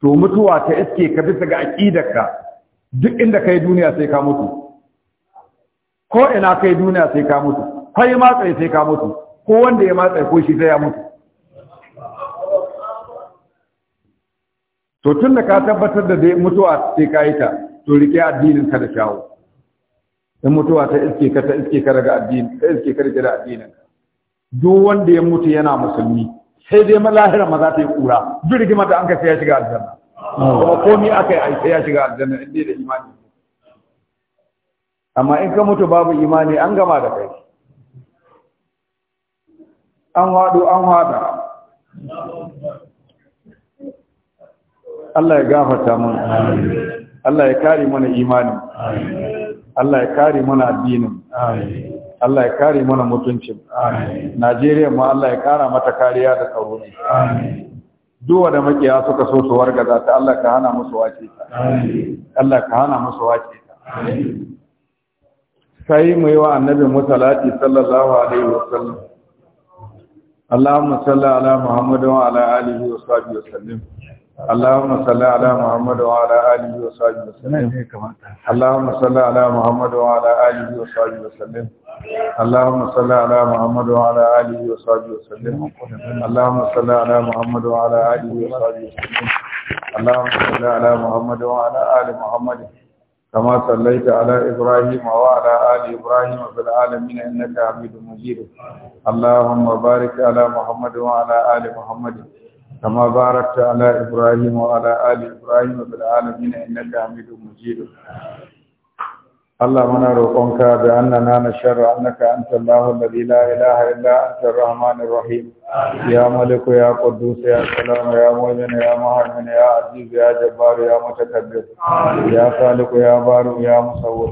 to mutuwa ta iske ka bisa ga ka duk inda kai duniya sai ka mutu ko ina kai duniya sai ka mutu kai ma tsaye sai ka mutu ko wanda ya matsa ko shi sai ya mutu to tun da ka tabbatar da dai mutuwa sai ka yi ta to rike addinin ka da shawo in mutuwa ta iske ka ta iske ka daga addini ta iske ka daga addinin ka duk wanda ya mutu yana musulmi sai dai malahira maza ta yi kura duk kima da an ka sai ya shiga aljanna kuma komi aka yi sai ya shiga aljanna in dai da imani amma in ka mutu babu imani an gama da kai an haɗu an haɗa Allah ya gafata mun. Allah ya kare mana imanin Allah ya kare mana addinin Allah ya kare mana mutuncin Najeriya ma Allah ya kara mata kariya da tsaro duwa da makiya suka so su wargaza ta Allah ka hana musu wace ta Allah ka hana musu wace ta sai mu yi wa annabi musallati sallallahu alaihi wasallam Allahumma salli ala Muhammad wa ala alihi wa sahbihi wa sallim Allahumma salli ala Muhammad wa ala alihi wa sahbihi wasallam. Allahumma salli ala Muhammad wa ala alihi wa sahbihi wasallam. Allahumma salli ala Muhammad wa ala alihi wa sahbihi wasallam. Allahumma salli ala Muhammad wa ala alihi wa sahbihi wasallam. Allahumma salli ala Muhammad wa ala ali Muhammad. Kama sallaita ala Ibrahim ala ali Ibrahim fil alamin innaka Hamidum Majid. Allahumma barik ala Muhammad wa ala ali Muhammad. كما باركت على إبراهيم وعلى آل إبراهيم في العالمين إنك عميد مجيد الله اللهم نروقك بأننا نشر أنك أنت الله الذي لا إله إلا أنت الرحمن الرحيم يا ملك يا قدوس يا سلام يا مؤمن يا مهيمن يا عزيز يا جبار يا متكبر يا خالق يا بارو يا مصور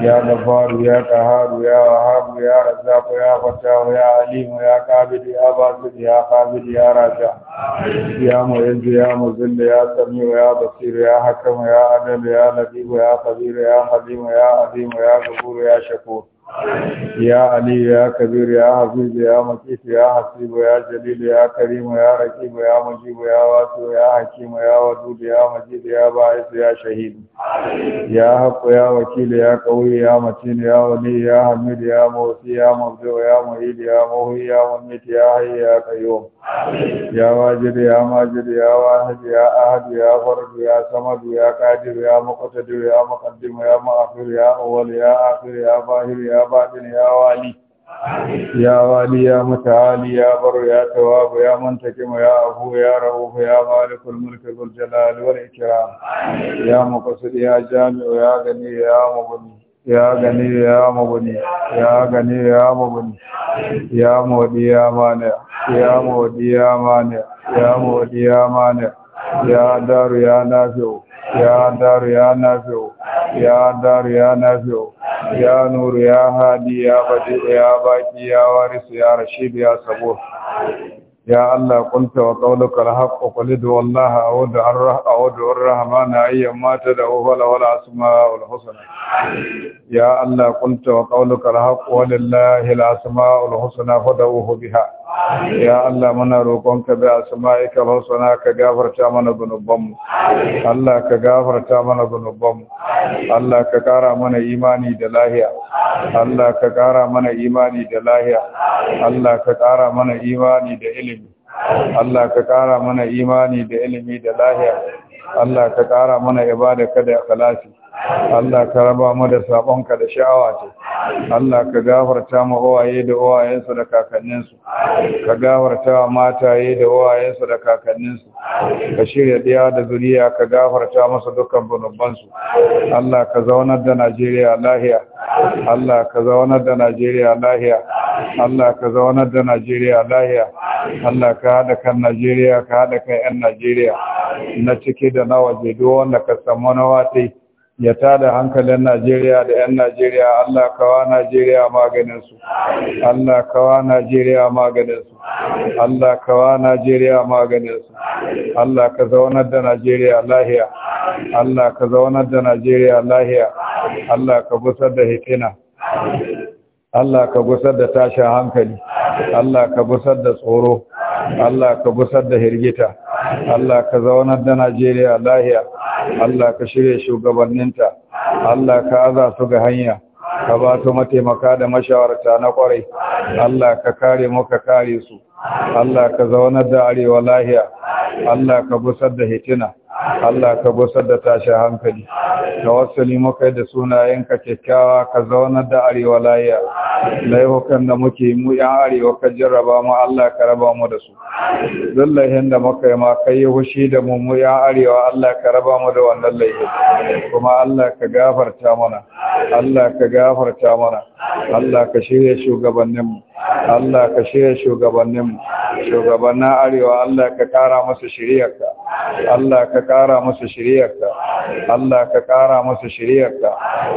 Ya dabaru ya tahadu ya wahabu ya rasa ya kwataho ya alimu ya kabide ya basuɗi ya kabide ya rasha ya mahaifiyu ya mazin da ya samiwu ya basiru ya hakanmu ya adana ya ladiyu ya kabira ya alimu ya alimu ya gahuru ya shafura. يا علي يا كبير يا حبيب يا مكيف يا حسيب يا جليل يا كريم يا رقيب يا مجيب يا واسع يا حكيم يا ودود يا مجيد يا باعث يا شهيد يا حق يا وكيل يا قوي يا متين يا ولي يا حميد يا موسي يا مبدو يا مهيد يا موهي يا مميت يا حي يا قيوم يا واجد يا ماجد يا واحد يا احد يا فرد يا صمد يا قادر يا مقتدر يا مقدم يا مؤخر يا اول يا اخر يا باهر يا ya badin ya wali ya wali ya mutali ya baro ya tawabu ya muntakima ya abu ya rahu ya malikul mulki wal jalali wal ikram ya muqassid ya jami'u ya gani ya mubni ya gani ya mubni ya gani ya mubni ya mudi ya mani ya mudi ya mani ya mudi ya mani ya daru ya nafi'u ya dar ya nafi'u ya dar ya nafi'u ya nur ya hadi ya badi ya baqi ya waris ya rashid ya sabur يا الله قلت وقولك الحق قل ادعوا الله او ادعوا الرحمن ايما تدعوا فله الاسماء الحسنى يا الله قلت وقولك الحق ولله الاسماء الحسنى فدعوه بها يا الله منا روقونك باسمائك الحسنى كغفرتا منا ذنوبنا الله كغفرتا منا ذنوبنا الله كقارا منا ايماني دلاهيا الله كقارا منا ايماني دلاهيا الله كقارا منا ايماني دلاهيا Allah ka ƙara mana imani da ilimi da lahiya Allah ka ƙara mana ibada kada ya kalafi Allah ka raba mu da sabonka da sha'awa ce Allah ka gafarta mu uwaye da uwayensu da kakanninsu ka gafarta mataye da uwayensu da kakanninsu ka shirya diya da zuriya ka gafarta musu dukkan zunubansu Allah ka zaunar da Najeriya lahiya Allah ka zaunar da Najeriya lahiya Allah ka zaunar da Najeriya lahiya Allah ka hada kan Najeriya ka hada kan 'yan Najeriya na ciki da na waje duk wanda ka samu na watai ya tada hankalin Najeriya da 'yan Najeriya Allah kawa Najeriya maganinsu Allah kawa Najeriya maganinsu Allah kawa Najeriya maganinsu Allah ka zaunar da Najeriya lahiya Allah ka zaunar da Najeriya lahiya Allah ka busar da hikina Allah ka busar da tashin hankali Allah ka busar da tsoro Allah ka busar da hirgita Allah ka zaunar da Najeriya lahiya Allah ka shirya shugabanninta Allah ka aza su ga hanya ka ba su mataimaka da mashawarta na kwarai Allah ka kare mu ka kare su Allah ka zaunar da arewa lahiya Allah ka busar da hitina Allah ka busar da tashi hankali tawassuli muka da sunayenka kyakkyawa ka zaunar da arewa layiya laifukan da muke mu yan arewa ka jarraba mu Allah ka raba mu da su lallahin da muka yi ma kai yi hushi da mu mu yan arewa Allah ka raba mu da wannan laifin kuma Allah ka gafarta mana Allah ka gafarta mana Allah ka shirya shugabanninmu Allah ka shirya shugabanninmu shugabannin arewa Allah ka kara ƙara masa shiriyarka Allah ka ƙara masa shiriyarka Allah ka ƙara masa shiriyarka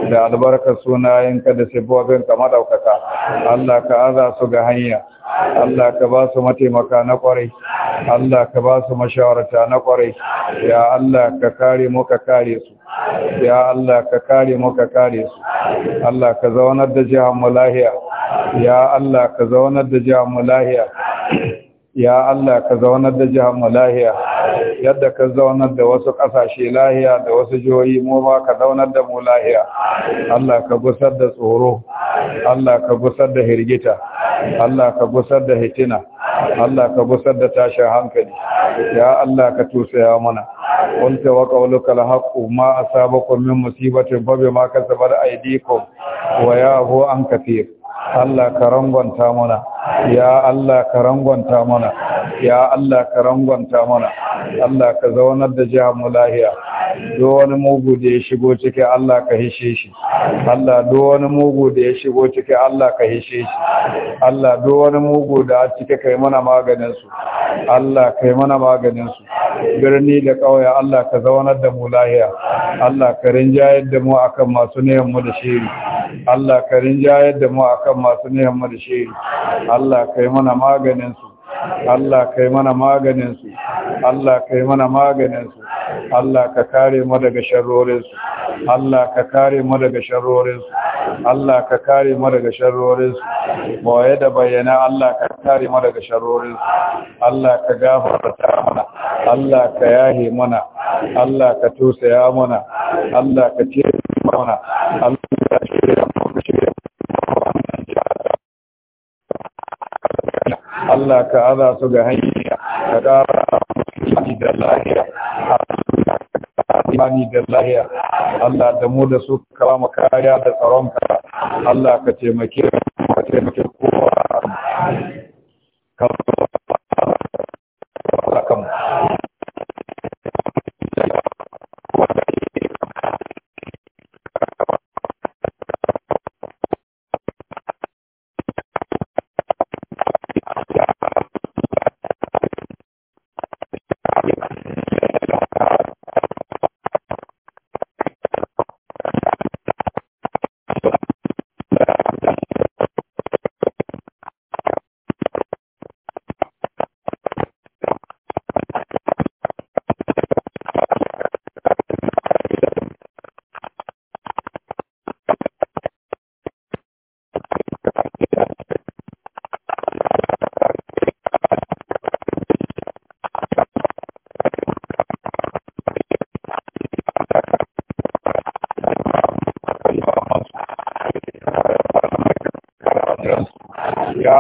da albarkar sunayenka da sifofinka madaukaka Allah ka aza su ga hanya Allah ka ba su mataimaka na kwarai Allah ka ba su mashawarta na kwarai ya Allah ka kare mu ka kare su ya Allah ka kare mu ka kare su Allah ka zaunar da jihar mu lahiya ya Allah ka zaunar da jihar mu lahiya ya Allah ka zaunar da jihar Malahiya yadda ka zaunar da wasu ƙasashe lahiya da wasu jihohi mu ma ka zaunar da mu lahiya Allah ka gusar da tsoro Allah ka gusar da hirgita Allah ka gusar da hitina Allah ka gusar da tashin hankali ya Allah ka tusaya mana قلت وقولك الحق ما أصابكم من مصيبة فبما كسبت أيديكم ويعفو عن كثير الله كرم وانتامنا ya Allah ka rangwanta mana ya Allah ka rangwanta mana Allah ka zaunar da jihar mu lahiya duk wani mugu da ya shigo ciki Allah ka hishe shi Allah duk wani mugu da ya shigo ciki Allah ka hishe shi Allah duk wani mugu da a cike kai mana maganin su Allah kai mana maganin su birni da kauye Allah ka zaunar da mu lahiya Allah ka rinjayar da mu akan masu neman mu da shiri Allah ka rinjayar da mu akan masu neman mu da shiri Allah kai mana maganin su Allah kai mana maganin su Allah kai mana maganin su Allah ka kare mu daga sharrorin su Allah ka kare mu daga sharrorin su Allah ka kare mu daga sharrorin su boye da bayyana Allah ka kare mu daga sharrorin su Allah ka gafarta mana Allah ka yahe mana Allah ka tusaya mana Allah ka ce mana Allah ka shirya Allah ka aza su ga hanyar ka ƙara musulmi da lahiya imani da lahiya Allah da mu da su kawo makariya da tsaronka Allah ka taimake ka taimake kowa ka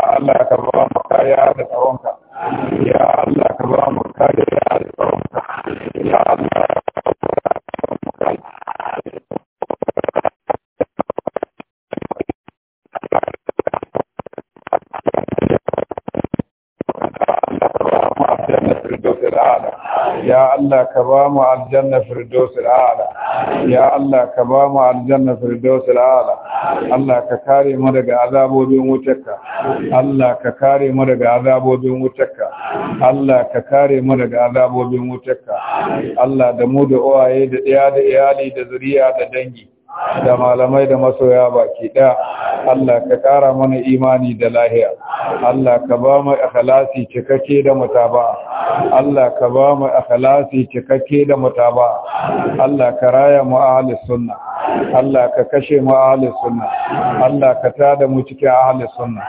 يا لكرامك يا الله كرامك يا لكرامك يا يا الله كرامه على الجنه في الدوس الاعلى يا الله كرامه على الجنه في الدوس الاعلى Allah ka kare mu daga azabobin wutarka Allah ka kare mu daga azabobin wutarka Allah ka kare mu daga azabobin wutarka Allah da mu da uwaye da iya da iyali da zuriya da dangi da malamai da masoya baki ɗaya. Allah ka kara mana imani da lahiya Allah ka ba mu ikhlasi cikakke da mutaba Allah ka ba mu ikhlasi cikakke da mutaba Allah ka raya mu ahli sunna Allah ka kashe mu ahlus sunna Allah ka tada mu cikin ahlus sunna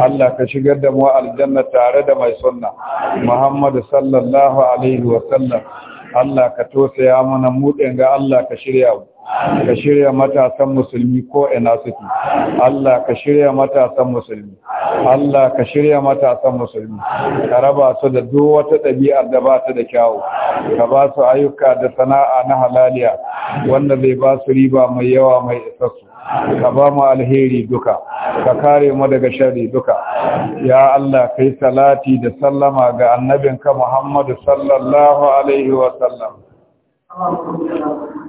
Allah ka shigar da mu aljanna tare da mai sunna Muhammad sallallahu alaihi wa sallam Allah ka tosaya mana mu ga Allah ka shirya mu ka shirya matasan musulmi ko ina suke Allah ka shirya matasan musulmi Allah ka shirya matasan musulmi ka raba su da duk wata ɗabi'ar da ba ta da kyawu ka ba su ayyuka da sana'a na halaliya wanda zai ba su riba mai yawa mai isassu ka ba mu alheri duka ka kare mu daga shari duka ya Allah kai salati da sallama ga annabinka Muhammadu sallallahu alaihi wa sallam